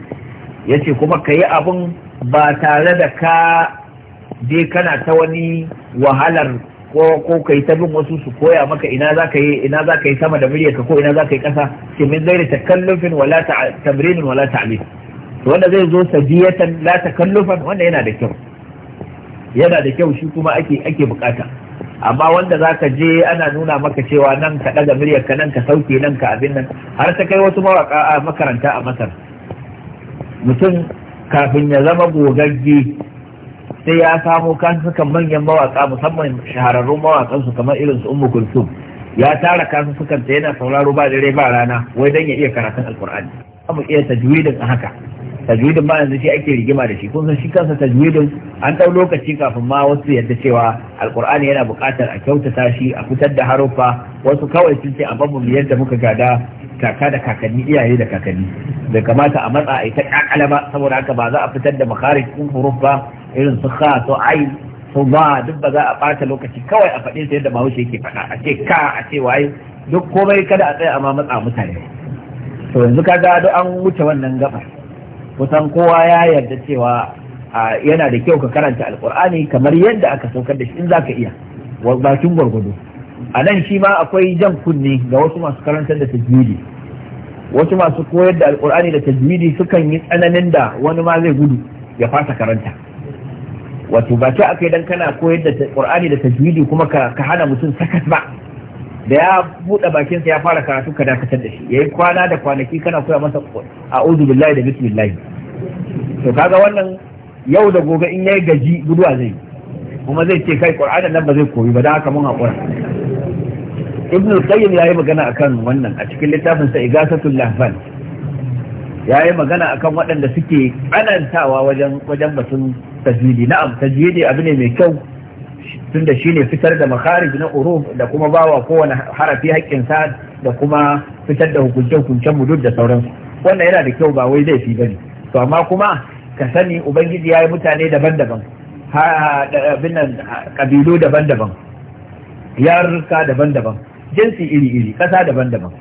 yace kuma kayi abun ba tare da ka je kana ta wani wahalar ko ko kai ta bin wasu su koya maka ina za ka yi ina za ka yi sama da muryarka ko ina za ka yi ƙasa ke min zai da takallufin wala tamrinin wala ta'lim to wanda zai zo sabiyatan la takallufan wanda yana da kyau yana da kyau shi kuma ake ake bukata amma wanda za ka je ana nuna maka cewa nan ka daga muryarka nan ka sauke nan ka abin nan har ta kai wasu mawaka a makaranta a Masar mutum kafin ya zama gogagge sai ya samo kasukan manyan mawaka musamman shahararrun mawakan su kamar irin su ummu kulsum ya tara sukan ta yana sauraro ba dare ba rana wai dan ya iya karatun alqur'ani mu iya tajwidin a haka tajwidin ba yanzu shi ake rigima da shi kun san shi kansa tajwidin an dau lokaci kafin ma wasu yadda cewa alqur'ani yana bukatar a kyautata shi a fitar da haruffa wasu kawai sun ce a babu yadda muka gada kaka da kakanni iyaye da kakanni bai kamata a matsa a ita kakala ba saboda haka ba za a fitar da makarij in huruf ba irin su kha su ai su ba duk ba za a bata lokaci kawai a faɗi sa yadda bahaushe yake faɗa a ce ka a ce waye duk komai kada a tsaya amma matsa mutane to yanzu kaga duk an wuce wannan gaba kusan kowa ya yarda cewa yana da kyau ka karanta alkur'ani kamar yadda aka saukar da shi in zaka iya bakin gwargwado a nan shi ma akwai jan kunne ga wasu masu karantar da tajwidi wasu masu koyar da alkur'ani da tajwidi sukan yi tsananin da wani ma zai gudu ya fasa karanta wato ba ce akai dan kana koyar da alkur'ani da tajwidi kuma ka hana mutum sakat ba da ya buɗe bakinsa ya fara karatu ka dakatar da shi yayi kwana da kwanaki kana koya masa a'udhu billahi da bismillah to kaga wannan yau da gobe in yayi gaji guduwa zai kuma zai ce kai qur'ani nan ba zai koyi ba da haka mun haƙura ibn qayyim yi magana akan wannan a cikin littafin sa igasatul lahfan yayi magana akan waɗanda suke anantawa wajen wajen batun tajwidi na'am tajwidi abu ne mai kyau tunda shine fitar da makharij na uruf da kuma bawa kowane harafi haƙƙin sa da kuma fitar da hukunce hukuncen mudud da sauransu wannan yana da kyau ba wai zai fi bane to amma kuma ka sani ubangiji yayi mutane daban-daban ha abin nan kabilu daban-daban yarurruka daban-daban jinsi iri-iri ƙasa daban-daban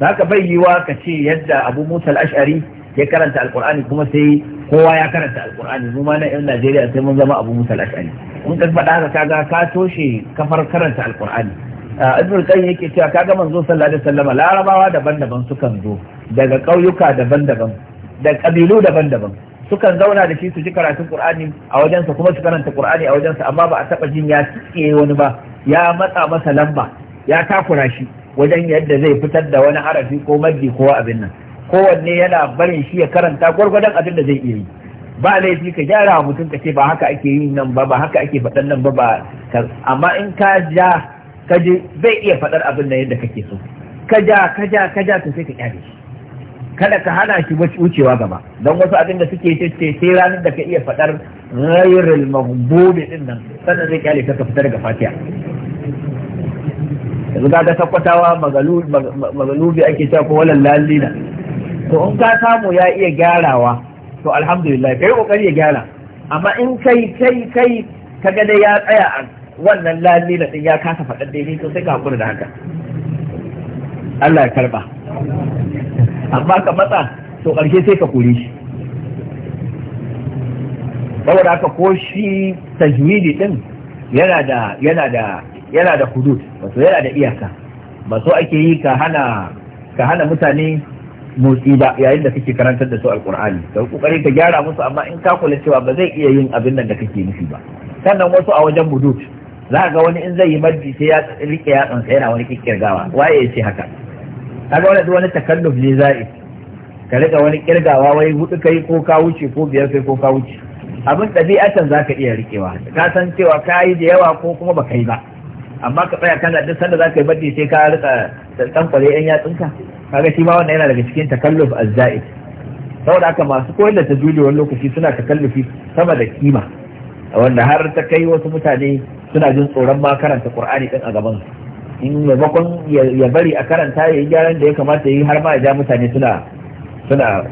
za ka bai yiwa ka ce yadda abu musa ashari ya karanta alkur'ani kuma sai kowa ya karanta alkur'ani mu ma na yan najeriya sai mun zama abu musa al-ash'ari in ka faɗa haka kaga ka toshe kafar karanta alkur'ani ibn qayyim yake cewa kaga manzo sallallahu alaihi wasallam larabawa daban-daban sukan zo daga ƙauyuka daban-daban da ƙabilu daban-daban sukan zauna da shi su ji karatun qur'ani a wajensa kuma su karanta qur'ani a wajensa amma ba a taba jin ya tsiye wani ba ya matsa masa lamba ya takura shi wajen yadda zai fitar da wani harafi ko maddi ko abin nan kowanne yana barin shi ya karanta gwargwadon abin da zai iya yi ba laifi ka gyara mutum ka ce ba haka ake yin nan ba ba haka ake faɗan nan ba ba amma in ka ja ka ji zai iya faɗar abin nan yadda kake so ka ja ka ja ka ja to sai ka kyale shi kada ka hana shi wucewa gaba don wasu abin da suke ce sai ranar da ka iya faɗar ghairul mabobi din nan sannan zai kyale ka fitar daga Fatiya. yanzu ka ta takwatawa magalubi ake cewa ko walal lalina to in ka samu ya iya gyarawa to alhamdulillah kai kokari ya gyara amma in kai kai kai ka ga dai ya tsaya a wannan lalina din ya kasa faɗa daidai to sai ka da haka Allah ya karba amma ka matsa to ƙarshe sai ka kore shi saboda haka ko shi tajwidi din yana da yana da hudud wato yana da iyaka ba so ake yi ka hana ka hana mutane motsi ba yayin da kake karantar da su alkur'ani ka kokari ka gyara musu amma in ka kula cewa ba zai iya yin abin nan da kake nufi ba sannan wasu a wajen hudud za ga wani in zai yi maddi sai ya rike ya sa yana wani kikkirgawa waye ya ce haka kaga wani wani takalluf ne za'i ka rika wani kirgawa wai hudu kai ko ka wuce ko biyar kai ko ka wuce abin ɗabi'atan za ka iya riƙewa. ka san cewa ka yi da yawa ko kuma ba yi ba amma ka tsaya kana duk sanda zaka yi baddi sai ka rika tantan kwale yan yatsinka kaga shi ma wannan yana daga cikin takalluf azza'id saboda haka masu koyar da tajwidi wani lokaci suna takallufi sama da kima wanda har ta kai wasu mutane suna jin tsoron ma karanta qur'ani din a gaban in maimakon ya bari a karanta ya yi gyaran da ya kamata ya yi har ma ya ja mutane suna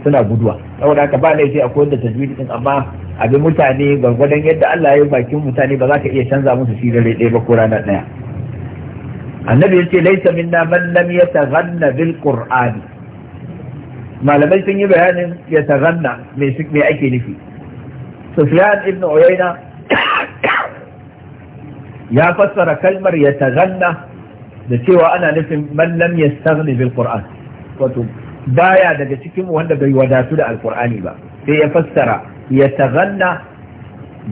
suna guduwa saboda haka ba laifi da tajwidi din amma abin mutane gwargwadon yadda Allah ya yi bakin mutane ba za ka iya canza musu shi da ɗaya ba ko rana ɗaya annabi yace laysa minna man lam yataghanna bil qur'ani malamai sun yi bayanin yataghanna me me ake nufi sufyan ibn uyayna ya fassara kalmar yataghanna da cewa ana nufin man lam yastaghni bil qur'an wato baya daga cikin wanda bai wadatu da alqur'ani ba sai ya fassara taganna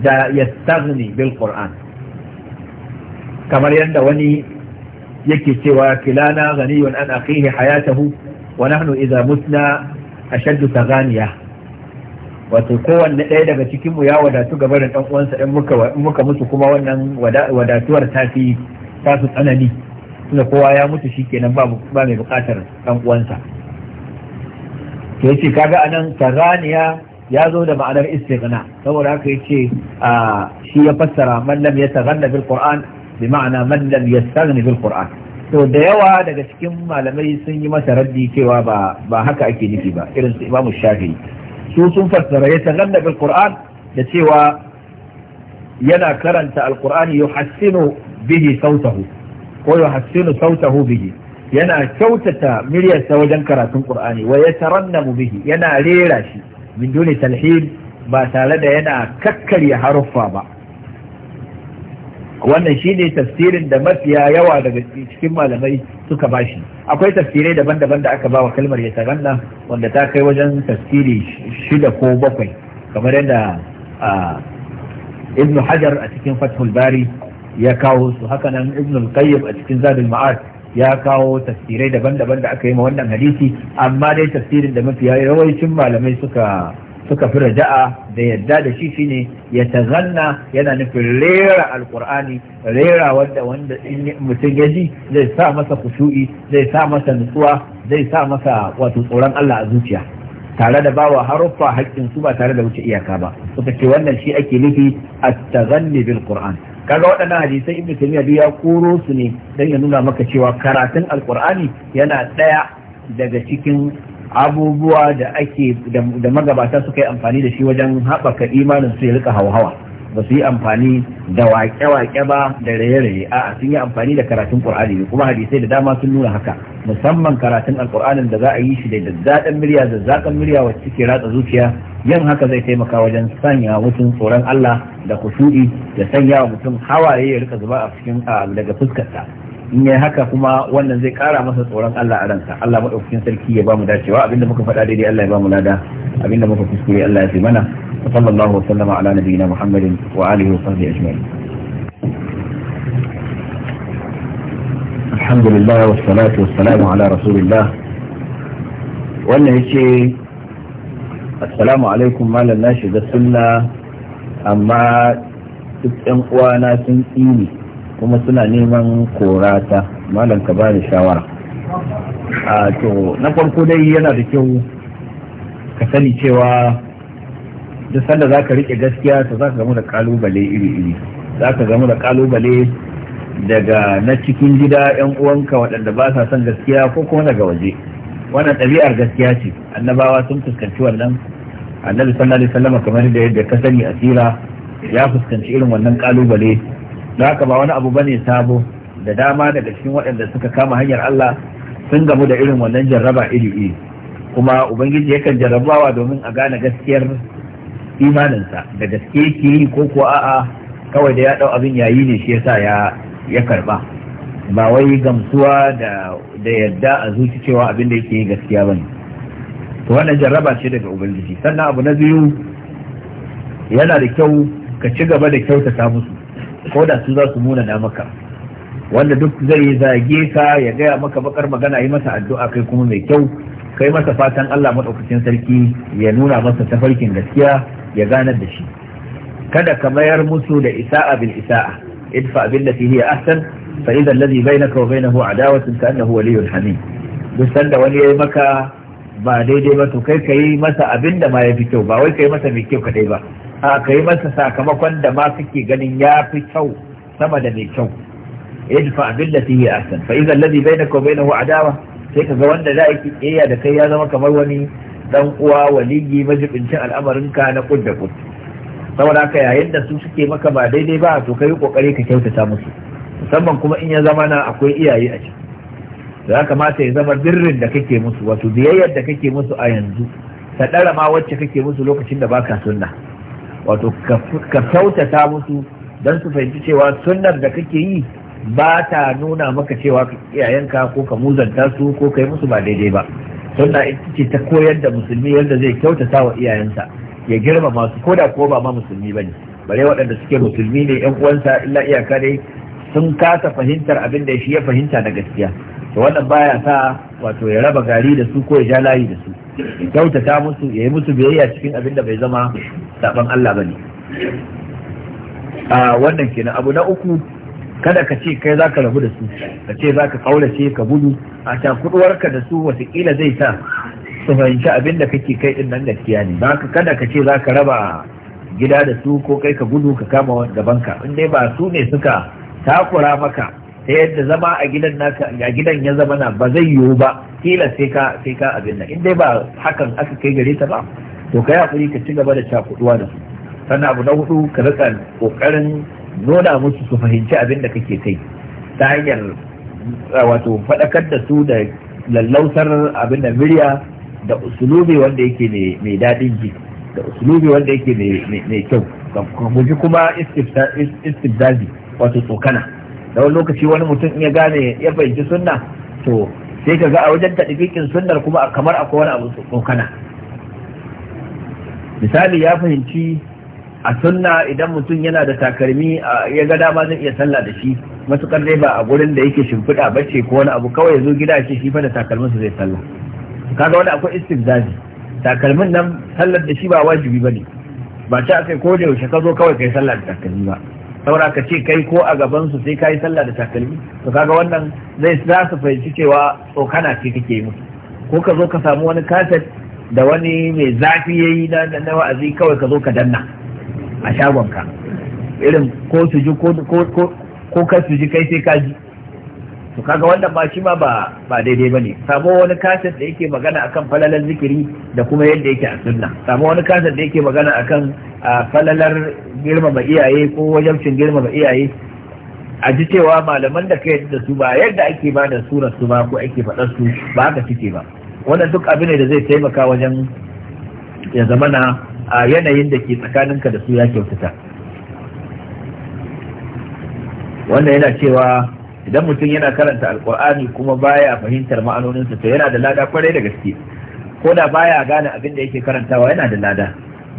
da yastaghni bil qur'an kamar yadda wani yake cewa kilana ghaniyun an akhihi hayatahu wa nahnu idza mutna ashaddu taghaniya wato kowanne ɗaya daga cikin mu ya wadatu gaba da ɗan uwansa in muka muka mutu kuma wannan wadatuwar ta fi ta su tsanani tunda kowa ya mutu shikenan ba ba mai bukatar ɗan uwansa to yace kaga anan taganiya ya zo da ma'anar istighna saboda haka yace shi ya fassara man lam yataghanna bil qur'an bi ma'ana man lam yastaghni bil qur'an to da yawa daga cikin malamai sun yi masa raddi cewa ba ba haka ake nufi ba irin su imamu shafi'i su sun fassara yataghanna bil qur'an da cewa yana karanta alqur'ani yuhassinu bihi sautahu ko yuhassinu sautahu bihi yana kyautata miryarsa wajen karatun qur'ani wa ya mu bihi yana rera shi min duni ba tare da yana kakkarya haruffa ba wannan shine tafsirin da mafiya yawa daga cikin malamai suka bashi akwai tafsirai daban-daban da aka bawa kalmar ya taranna wanda ta kai wajen tafsiri shida ko bakwai kamar yadda ibn hajar a cikin fathul bari ya kawo su hakanan ibn al-qayyim a cikin zadul ma'ad ya kawo tafsirai daban-daban da aka yi ma wannan hadisi amma dai tafsirin da mafiya yawancin malamai suka suka fi raja'a da yadda da shi shine ya tazanna yana nufin rera alkur'ani rera wanda wanda in mutum ya ji zai sa masa kushu'i zai sa masa nutsuwa zai sa masa wato tsoron Allah a zuciya tare da bawa haruffa haƙƙin su ba tare da wuce iyaka ba suka ce wannan shi ake nufi at-tazanni bil qur'an kaga waɗannan hadisai ibnu taymiya duk ya koro su ne dan ya nuna maka cewa karatun alqur'ani yana ɗaya daga cikin abubuwa da ake da magabata suka yi amfani da shi wajen haɓaka imanin su ya rika hauhawa ba su yi amfani da waƙe-waƙe ba da raye-raye a sun yi amfani da karatun qur'ani ne kuma hadisai da dama sun nuna haka musamman karatun alqur'anin da za a yi shi da daddaɗan murya zazzakan murya wacce suke ratsa zuciya yin haka zai taimaka wajen sanya mutum tsoron Allah da kusuri da sanya wa mutum hawaye ya rika zuba a cikin daga fuskarsa in yi haka kuma wannan zai kara masa tsoron Allah a ransa Allah maɗaukakin sarki ya bamu dacewa abinda muka faɗa daidai Allah ya bamu lada abinda muka kuskure Allah ya fi mana وصلى الله وسلم على نبينا محمد وآله وصحبه أجمعين الحمد لله والصلاة والسلام على رسول الله wannan ya ce assalamu alaikum malam na shiga sunna amma duk yan uwana sun kuma suna neman korata malam ka bani shawara a to na farko dai yana da kyau ka sani cewa duk sanda za ka riƙe gaskiya to za ka gamu da kalubale iri-iri za ka gamu da kalubale daga na cikin gida 'yan uwanka waɗanda ba sa son gaskiya ko kuma daga waje wannan ɗabi'ar gaskiya ce annabawa sun fuskanci wannan annabi sallallahu alaihi wasallam kamar da yadda ka sani asira ya fuskanci irin wannan kalubale da haka ba wani abu bane sabo da dama daga cikin waɗanda suka kama hanyar Allah sun gamu da irin wannan jarraba iri iri kuma ubangiji yakan jarrabawa domin a gane gaskiyar imaninsa da gaske yake yi ko ko a'a kawai da ya dau abin yayi ne shi yasa ya ya karba ba wai gamsuwa da da yadda a zuci cewa abin da yake yi gaskiya bane to wannan jarraba ce daga ubangiji sannan abu na biyu yana da kyau ka ci gaba da kyautata musu ko da su za su na maka wanda duk zai zage ka ya gaya maka bakar magana yi masa addu'a kai kuma mai kyau kai masa fatan Allah maɗaukacin sarki ya nuna masa tafarkin gaskiya ya ganar da shi kada ka mayar musu da isa'a bil isa'a idfa bil lati hiya ahsan fa idha alladhi bainaka wa bainahu adawatun ka annahu waliyyun hamim duk sanda wani yayi maka ba daidai ba to kai kai masa abin da ma yafi kyau ba wai kai masa mai kyau kadai ba a kai masa sakamakon da ma kake ganin yafi kyau sama da mai kyau idfa bil lati hiya ahsan fa idha alladhi bainaka wa bainahu adawa sai ka ga wanda za a yi da kai ya zama kamar wani dan uwa waliyi majibincin al'amarinka na kudda da kud saboda haka yayin da su suke maka ba daidai ba to kai kokari ka kyautata musu musamman kuma in ya zama na akwai iyaye a ciki ya kamata ya zama birrin da kake musu wato biyayyar da kake musu a yanzu ta dara ma wacce kake musu lokacin da baka sunna wato ka kyautata musu don su fahimci cewa sunnar da kake yi ba ta nuna maka cewa iyayenka ko ka muzanta su ko kai musu ba daidai ba sunna ita ce ta koyar da musulmi yadda zai kyautata wa iyayensa ya girma masu koda ko ba ma musulmi ne. bare waɗanda suke musulmi ne yan uwansa illa iyaka ne, sun kasa fahimtar abin da shi ya fahimta na gaskiya to wannan baya sa wato ya raba gari da su ko ya ja layi da su ya kyautata musu ya yi musu biyayya cikin abin da bai zama saban Allah bane a wannan kenan abu na uku kada ka ce kai zaka rabu da su ka ce zaka kaulace ka gudu a takuduwarka da su watakila zai sa su fahimci abin da kake kai din nan gaskiya ne ba kada ka ce zaka raba gida da su ko kai ka gudu ka kama gabanka in dai ba su ne suka takura maka ta yadda zama a gidan naka a gidan ya zama na ba zai yiwu ba kila sai ka sai ka abin nan in dai ba hakan aka kai gare ta ba to kai hakuri ka ci gaba da cakuduwa da su sannan abu na hudu ka rika kokarin nuna musu su fahimci abin da kake kai ta hanyar wato faɗakar da su da lallausar abin da murya da usulubi wanda yake mai daɗin ji da usulubi wanda yake mai kyau guji kuma istifzazi wato tsokana da wani lokaci wani mutum ya gane ya fahimci sunna to sai ka ga a wajen taɗiƙiƙin sunnar kuma kamar akwai wani abu tsokana misali ya fahimci a sunna idan mutum yana da takalmi ya ga dama zai iya sallah da shi matukar dai ba a gurin da yake shimfiɗa bace ko wani abu kawai ya zo gida shi shi fa da takalmin su zai sallah kaga wani akwai istibzazi takalmin nan sallar da shi ba wajibi bane ba ta kai ko da yaushe ka zo kawai kai sallah da takalmi ba saura ka ce kai ko a gaban su sai kai sallah da takalmi to kaga wannan zai za su fahimci cewa tsokana ce kake yi musu ko ka zo ka samu wani kaset da wani mai zafi yayi na wa'azi kawai ka zo ka danna a shagonka irin ko su ji ko kar su ji kai sai ka ji to kaga wannan ba shi ma ba ba daidai bane wani kaset da yake magana akan falalar zikiri da kuma yadda yake a sunna samo wani kaset da yake magana akan falalar girmama iyaye ko wajabcin girmama iyaye a ji cewa malaman da ka yadda su ba yadda ake ba da surar su ba ko ake faɗar su ba haka suke ba wannan duk abin da zai taimaka wajen ya zamana a yanayin da ke tsakaninka da su ya kyautata wannan yana cewa idan mutum yana karanta alkur'ani kuma baya fahimtar ma'anoninsa to yana da lada kwarai da gaske ko da baya gane abin da yake karantawa yana da lada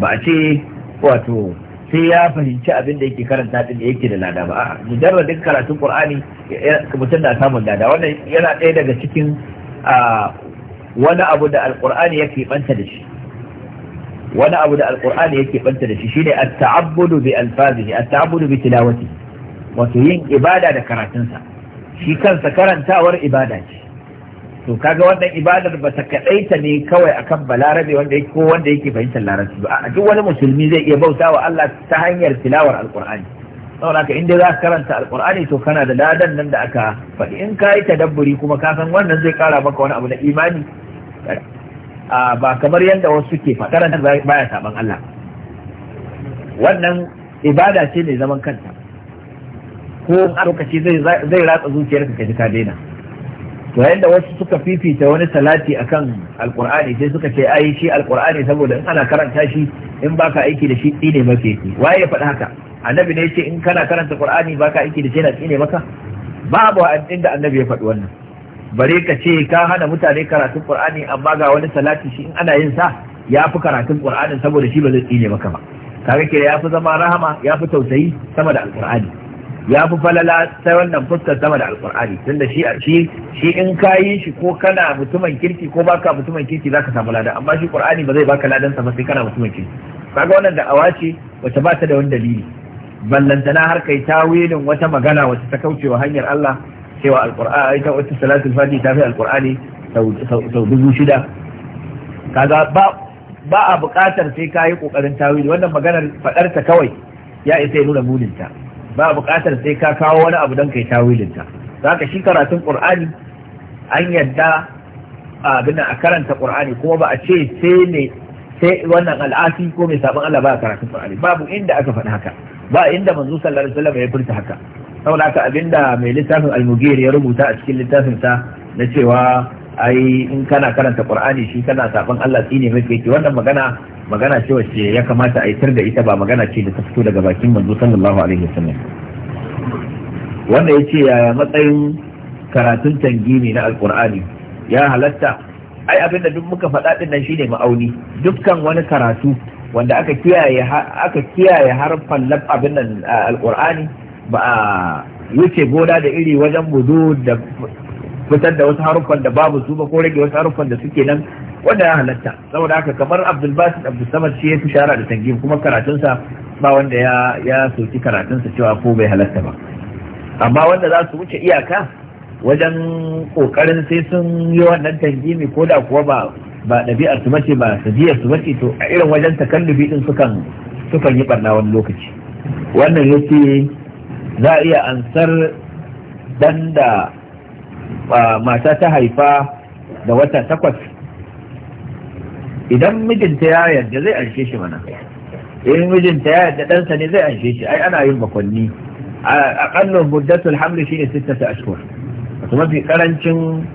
ba a ce wato sai ya fahimci abin da yake karanta din yake da lada ba a'a mujarradin karatun qur'ani mutum na samun lada wannan yana ɗaya daga cikin wani abu da alkur'ani ya banta da shi wani abu da alkur'ani yake banta da shi shine at-ta'abbudu bi alfazihi at-ta'abbudu bi tilawati wato yin ibada da karatunsa shi kansa karantawar ibada ce to kaga wannan ibadar ba ta kadaita ne kawai akan balarabe wanda yake ko wanda yake fahimtar larabci ba duk wani musulmi zai iya bauta wa Allah ta hanyar tilawar alkur'ani saboda ka inda za ka karanta alqur'ani to kana da ladan nan da aka faɗi in ka yi tadabburi kuma ka san wannan zai kara maka wani abu na imani ba kamar yadda wasu ke faɗar nan baya saban Allah wannan ibada ce mai zaman kanta ko a lokaci zai ratsa zuciyarka ka ji ka daina to yadda wasu suka fifita wani salati akan alqur'ani sai suka ce ai shi alqur'ani saboda in ana karanta shi in baka aiki da shi tsine mafi waye ya faɗi haka annabi ne ya ce in kana karanta qur'ani baka aiki da shi na tsine maka babu da annabi ya faɗi wannan bare ka ce ka hana mutane karatun qur'ani amma ga wani salati shi in ana yin sa ya fi karatun qur'anin saboda shi ba zai tsine maka ba kaga ke ya fi zama rahama ya fi tausayi sama da alqur'ani ya fi falala ta wannan fuskar sama da alqur'ani tunda shi shi shi in ka yi shi ko kana mutumin kirki ko baka mutumin kirki zaka samu ladan amma shi qur'ani ba zai baka ladan sa ba sai kana mutumin kirki kaga wannan da'awa ce wacce ba ta da wani dalili ballantana har kai tawilin wata magana wacce ta kaucewa hanyar Allah cewa alqur'ani ita wata salatul fati ta fi alqur'ani sau dubu shida kaga ba ba a buƙatar sai ka yi ƙoƙarin tawili wannan maganar ta kawai ya isa ya nuna muninta ba a buƙatar sai ka kawo wani abu don kai tawilinta za ka shi karatun ƙur'ani an yadda abin a karanta ƙur'ani kuma ba a ce sai ne sai wannan al'asi ko mai sabon Allah ba a karatun ƙur'ani babu inda aka faɗi haka ba inda manzo sallallahu alaihi wasallam ya furta haka saboda haka abinda mai littafin almugir ya rubuta a cikin littafin sa na cewa ai in kana karanta qur'ani shi kana saban Allah Sine mafi yake. wannan magana magana ce wacce ya kamata a yi tar da ita ba magana ce da ta fito daga bakin manzo sallallahu alaihi wasallam wanda yace yaya matsayin karatun tangimi na alqur'ani ya halatta ai abinda duk muka faɗa ɗin nan shine ma'auni dukkan wani karatu wanda aka kiyaye aka kiyaye harfan abin nan alqur'ani ba a wuce goda da iri wajen budu da fitar da wasu haruffan da babu su ba ko rage wasu haruffan da suke nan wanda ya halatta saboda haka kamar abdul basit abdul samad shi ya fi shara da tangim kuma karatunsa ba wanda ya ya soki karatunsa cewa ko bai halatta ba amma wanda za su wuce iyaka wajen kokarin sai sun yi wannan tangimi ko da kuwa ba ba ɗabi'ar su bace ba sabiyar su bace to a irin wajen takallubi din sukan sukan yi barna wani lokaci wannan yake za a iya ansar dan da mata ta haifa da wata takwas idan mijinta ya yarda zai anshe shi mana in mijinta ya yarda ɗansa ne zai anshe shi ai ana yin bakwanni a ƙallon muddatul hamli shi ne ta ashkur wato mafi ƙarancin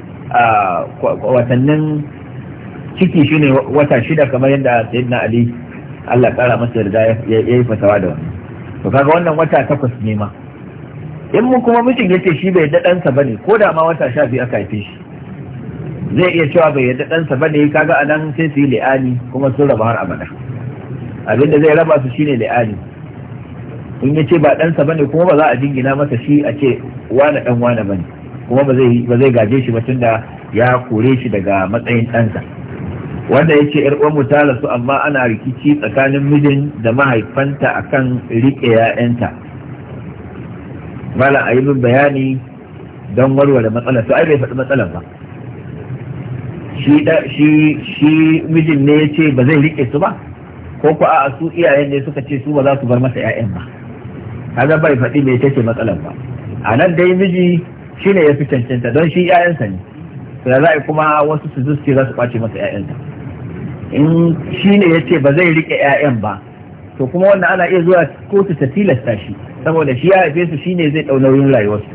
watannin ciki shi ne wata shida kamar yadda sayyidina ali Allah ƙara masa yarda ya yi fatawa da wani. to kaga wannan wata takwas ne ma in mun kuma mijin yace shi bai daɗansa ba bane ko da ma wata sha biyu aka haife shi zai iya cewa bai yadda ɗansa bane kaga anan sai su yi li'ani kuma sun raba har abada abinda zai raba su shine li'ani in ya ce ba ɗansa bane kuma ba za a jingina masa shi a ce wane ɗan wane bane kuma ba zai gaje shi ba tunda ya kore shi daga matsayin ɗansa wanda ya ce mu ta rasu amma ana rikici tsakanin mijin da mahaifanta akan riƙe 'ya'yanta mala a yi min bayani don warware matsala to ai bai faɗi matsalar ba shi mijin ne ya ce ba zai riƙe su ba ko ku a su iyayen ne suka ce su ba za su bar masa 'ya'yan ba kaga bai faɗi me ce matsalar ba a nan dai miji shi ne ya fi cancanta don shi 'ya'yansa ne to ya za kuma wasu su zuci za su kwace masa 'ya'yansa in shi ne ya ce ba zai riƙe 'ya'yan ba to kuma wannan ana iya zuwa kotu ta tilasta shi saboda shi ya haife su shine zai dau nauyin rayuwarsu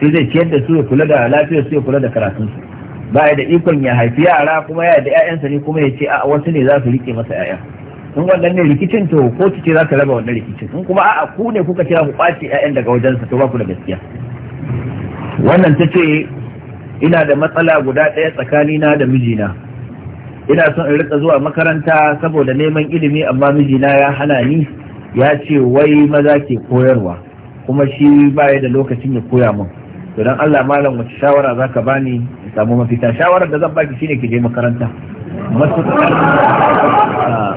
sai zai ciyar da su ya kula da lafiyar su ya kula da karatun su ba da ikon ya haifi yara kuma ya da ƴaƴansa ne kuma ya ce a wasu ne za su rike masa ƴaƴa in wannan ne rikicin to kotu ce za ta raba wannan rikicin in kuma a'a ku ne kuka ce ku kwace ƴaƴan daga wajensa to ba ku da gaskiya wannan ta ce ina da matsala guda ɗaya tsakanina da mijina ina son in rika zuwa makaranta saboda neman ilimi amma mijina ya hana ni ya ce wai maza ke koyarwa kuma shi baya da lokacin ya koya min to dan Allah malam wace shawara zaka bani in samu mafita shawarar da zan baki shine ki je makaranta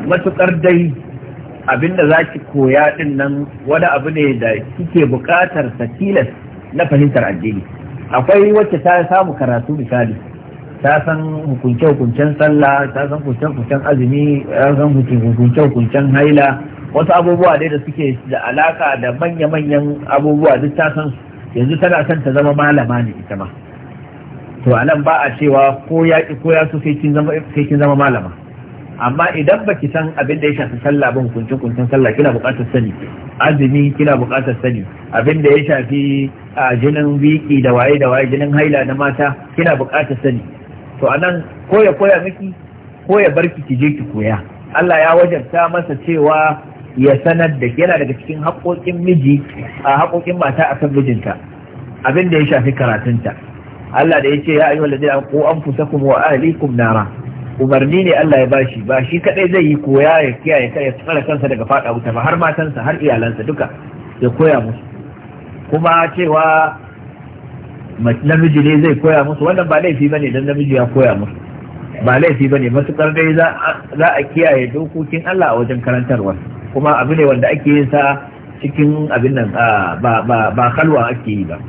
matukar ah, dai abinda zaki koya din nan wani abu ne da kike bukatar sa tilas na fahimtar addini akwai wacce ta samu karatu misali ta san hukunce hukuncen sallah ta san hukunce hukuncen azumi ta san hukunce hukuncen haila wasu abubuwa dai da suke da alaka da manya manyan abubuwa duk ta san yanzu tana son ta zama malama ne ita ma to anan ba a cewa ko ya ki ko ya so sai kin zama sai kin zama malama amma idan baki san abin da ya shafi sallah ba hukunce-hukuncen sallah kina buƙatar sani azumi kina buƙatar sani abin da ya shafi a jinin biki da waye da waye jinin haila na mata kina buƙatar sani to a nan, ko ya koya miki ko ya barki ki je ki koya Allah ya wajabta masa cewa ya sanar da yana daga cikin haƙoƙin miji a haƙoƙin mata a kan mijinta abin da ya shafi karatunta Allah da ya ce ya ayyuhal ladina qu anfusakum wa ahlikum nara umarni ne Allah ya bashi ba shi kadai zai yi koya ya kiyaye kai ya tsara kansa daga fada wuta ba har matansa har iyalansa duka ya koya musu kuma cewa namiji ne zai koya musu wannan ba laifi bane dan namiji ya koya musu ba laifi bane matukar dai za a kiyaye dokokin Allah a wajen karantarwa kuma abu ne wanda ake yin sa cikin abin nan ba halwa ake yi ba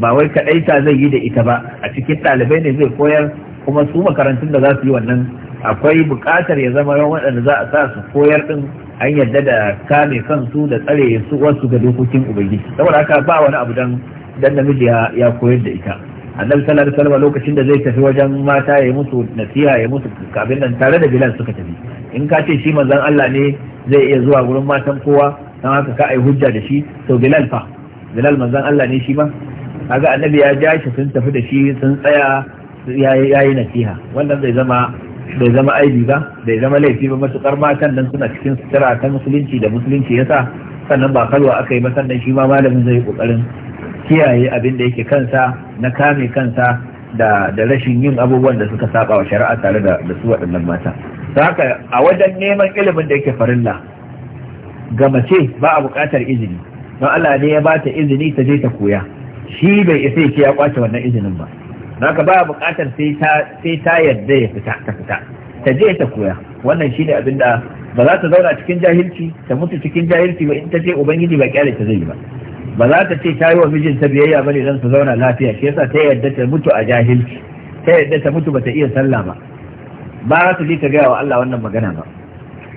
ba wai kadai ta zai yi da ita ba a cikin ɗalibai ne zai koyar kuma su makarantun da za su yi wannan akwai buƙatar ya zama yawan waɗanda za a sa su koyar din an yadda da kame kansu da tsare su wasu ga dokokin ubangiji saboda haka ba wani abu dan dan namiji ya koyar da ita annabi sallallahu alaihi wasallam lokacin da zai tafi wajen mata ya musu nasiha ya musu kafin nan tare da bilal suka tafi in ka ce shi manzon Allah ne zai iya zuwa gurin matan kowa dan haka ka ai hujja da shi to bilal fa bilal manzon Allah ne shi ma kaga annabi ya ja shi sun tafi da shi sun tsaya yi nasiha wannan zai zama bai zama aibi ba bai zama laifi ba matukar matan nan suna cikin sutura ta musulunci da musulunci yasa sannan ba kalwa aka yi ba sannan shi ma malamin zai yi kokarin kiyaye abin da yake kansa na kame kansa da rashin yin abubuwan da suka saba wa shari'a tare da da su waɗannan mata haka a wajen neman ilimin da yake farilla ga mace ba a buƙatar izini don Allah ne ya bata izini ta je ta koya shi bai isa ya ce ya kwace wannan izinin ba haka ba a buƙatar sai ta yadda ya fita ta fita ta je ta koya wannan shine abin da ba za ta zauna cikin jahilci ta mutu cikin jahilci ba in ta je ubangiji ba kyale ta zai ba ba za ta ce ta yi wa mijinta biyayya bane dan su zauna lafiya Ke yasa ta yadda ta mutu a jahilci ta yadda ta mutu bata iya sallah ba ba za ta je ta gaya wa Allah wannan magana ba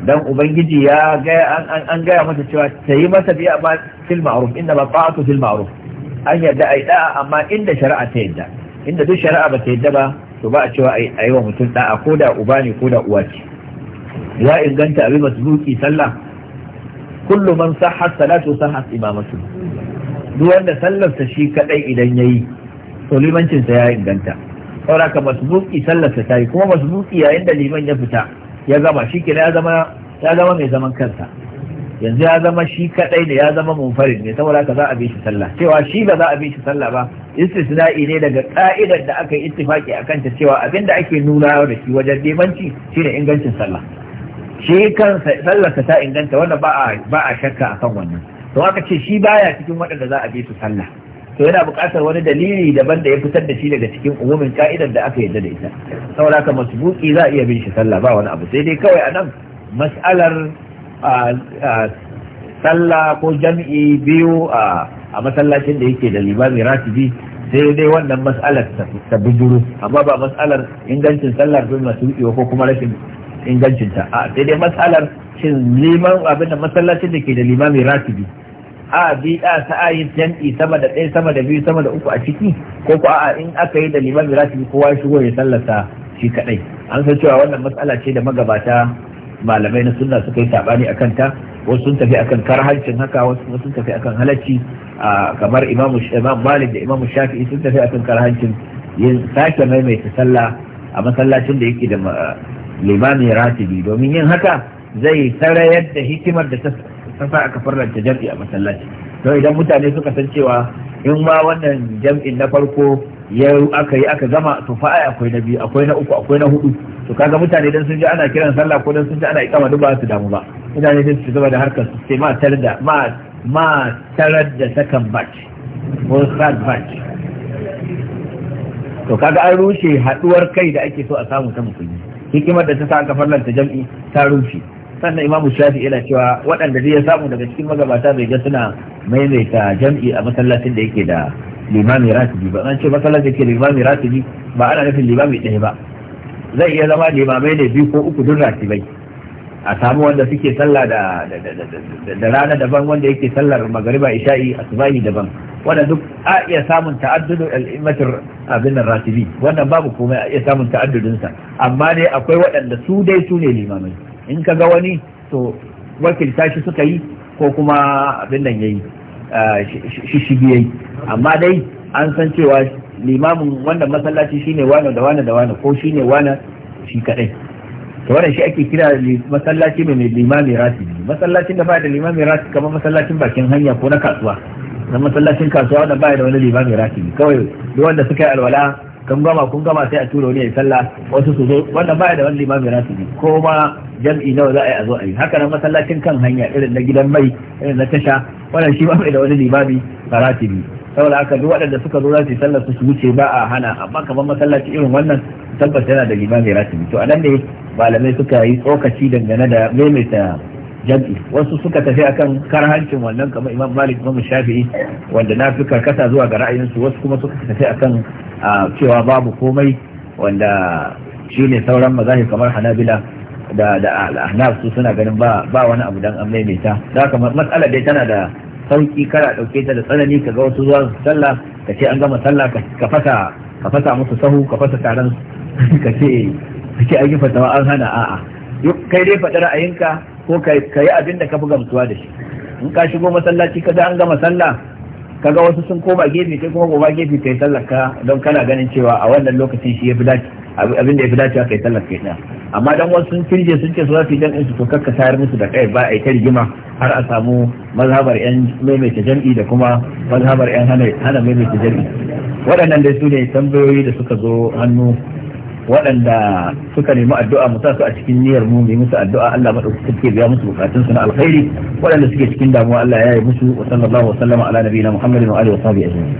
dan ubangiji ya gaya an gaya mata cewa ta yi masa biya ba fil ma'ruf inna ba ta'atu fil ma'ruf an yadda ai da'a amma inda shari'a ta yadda inda duk shari'a ba ta yadda ba to ba a cewa a yi wa mutum da'a ko da uba ne ko da uwa ce ya inganta abin masbuki sallah kullu man sahha salatu sahha imamatu duk wanda sallarsa shi kadai idan yayi to limancinsa ya inganta saboda ka masbuki sallarsa ta yi kuma masbuki yayin da liman ya fita ya gama shi ya zama mai zaman kansa yanzu ya zama shi kadai ne ya zama munfarid ne saboda ka za a bi shi sallah cewa shi ba za a bi shi sallah ba istisna'i ne daga ka'idar da aka yi ittifaki akan ta cewa abinda ake nuna da shi wajen limanci shine ingancin sallah shi kansa sallarsa ta inganta wanda ba a ba a shakka akan wannan to aka ce shi baya cikin waɗanda za a bi su sallah to yana buƙatar wani dalili daban da ya fitar da shi daga cikin umumin ka'idar da aka yarda da ita saboda haka masbuki za a iya bin shi sallah ba wani abu sai dai kawai anan mas'alar sallah ko jami'i biyu a masallacin da yake da limami ratibi sai dai wannan mas'alar ta bujuru amma ba mas'alar ingancin sallar bin masuki ko kuma rashin ingancinta a sai dai matsalar shin liman abin da masallacin da ke da limami ratibi a bi da ta ayi jam'i sama da ɗaya sama da biyu sama da uku a ciki ko ko a in aka yi da limami ratibi kowa ya shigo ya sallata shi kadai an san cewa wannan matsala ce da magabata malamai na sunna suka yi sabani akan ta wasu sun tafi akan karhancin haka wasu sun tafi akan halacci kamar imamu malik da imamu shafi'i sun tafi akan karhancin yin sake maimaita sallah a masallacin da yake da limami ratibi domin yin haka zai sarayar da hikimar da ta sa aka farlanta jam'i a masallaci to idan mutane suka san cewa in ma wannan jam'in na farko ya aka yi aka gama to fa ai akwai na biyu akwai na uku akwai na hudu to kaga mutane dan sun ji ana kiran sallah ko dan sun ji ana ikama duk ba su damu ba mutane sai su gaba da harkar su sai ma tar da ma ma tarar da second batch ko third batch to kaga an rushe haduwar kai da ake so a samu ta musulmi hikimar da ta sa aka farlanta jam'i ta rufe sannan Imam shafi yana cewa waɗanda zai samu daga cikin magabata bai ga suna maimaita jam'i a masallacin da yake da limami ratibi ba zan ce masallacin da limami ratibi ba ana nufin limami ɗaya ba zai iya zama limamai ne biyu ko uku duk ratibai a samu wanda suke sallah da rana daban wanda yake sallar magariba isha'i asubahi daban wanda duk a iya samun ta'addudu al'immatar abin nan ratibi wannan babu komai a iya samun ta'addudinsa amma dai akwai waɗanda su dai su ne limamai in ka ga wani to wakilta shi suka yi ko kuma abin nan yayi shishigi yayi amma dai an san cewa limamin wannan masallaci shine wani da wani da wani ko shine wani shi kadai to wannan shi ake kira masallaci mai limami ratibi masallacin da ba da limami ratibi kamar masallacin bakin hanya ko na kasuwa na masallacin kasuwa wanda baya da wani limami ratibi kawai duk wanda suka yi alwala kan gama kun gama sai a tura wani ya sallah wasu su zo wanda da wani ko ma jam'i nawa za a yi a zo a yi haka nan masallacin kan hanya irin na gidan mai irin na tasha wannan shi ba mai da wani limami ratibi saboda haka duk waɗanda suka zo za su yi sallar su wuce ba a hana amma kamar masallaci irin wannan tabbas yana da limami ratibi to anan ne malamai suka yi tsokaci dangane da maimaita jam'i wasu suka tafi akan karhancin wannan kamar imam malik imam shafi'i wanda na fi karkata zuwa ga ra'ayinsu wasu kuma suka tafi akan cewa babu komai wanda shi ne sauran mazahir kamar hanabila da da ahnaf su suna ganin ba ba wani abu dan an maimaita da kamar matsala dai tana da sauki kara dauke ta da tsanani kaga wasu zuwa sallah kace an gama sallah ka fasa ka fasa musu sahu ka fasa taron kace kace an yi fatawa an hana a'a kai dai faɗi ra'ayinka ko ka yi abin da ka fi gamsuwa da shi in ka shigo masallaci ka an gama sallah kaga wasu sun koma gefe kai kuma koma gefe kai sallar ka don kana ganin cewa a wannan lokacin shi ya fi dace abin da ya fi dacewa kai sallar kai amma dan wasu sun firje sun ce su za su yi jam'in su to kakka tayar musu da kai ba a yi ta rigima har a samu mazhabar yan maimaita jam'i da kuma mazhabar yan hana maimaita jam'i waɗannan dai su ne tambayoyi da suka zo hannu waɗanda suka nemi addu'a mu su a cikin niyyar mu mu musu addu'a Allah madaukakin ke biya musu bukatun su na alkhairi waɗanda suke cikin damuwa Allah ya yi musu wa sallallahu wa sallama ala nabiyina Muhammadin wa alihi wa sahbihi ajma'in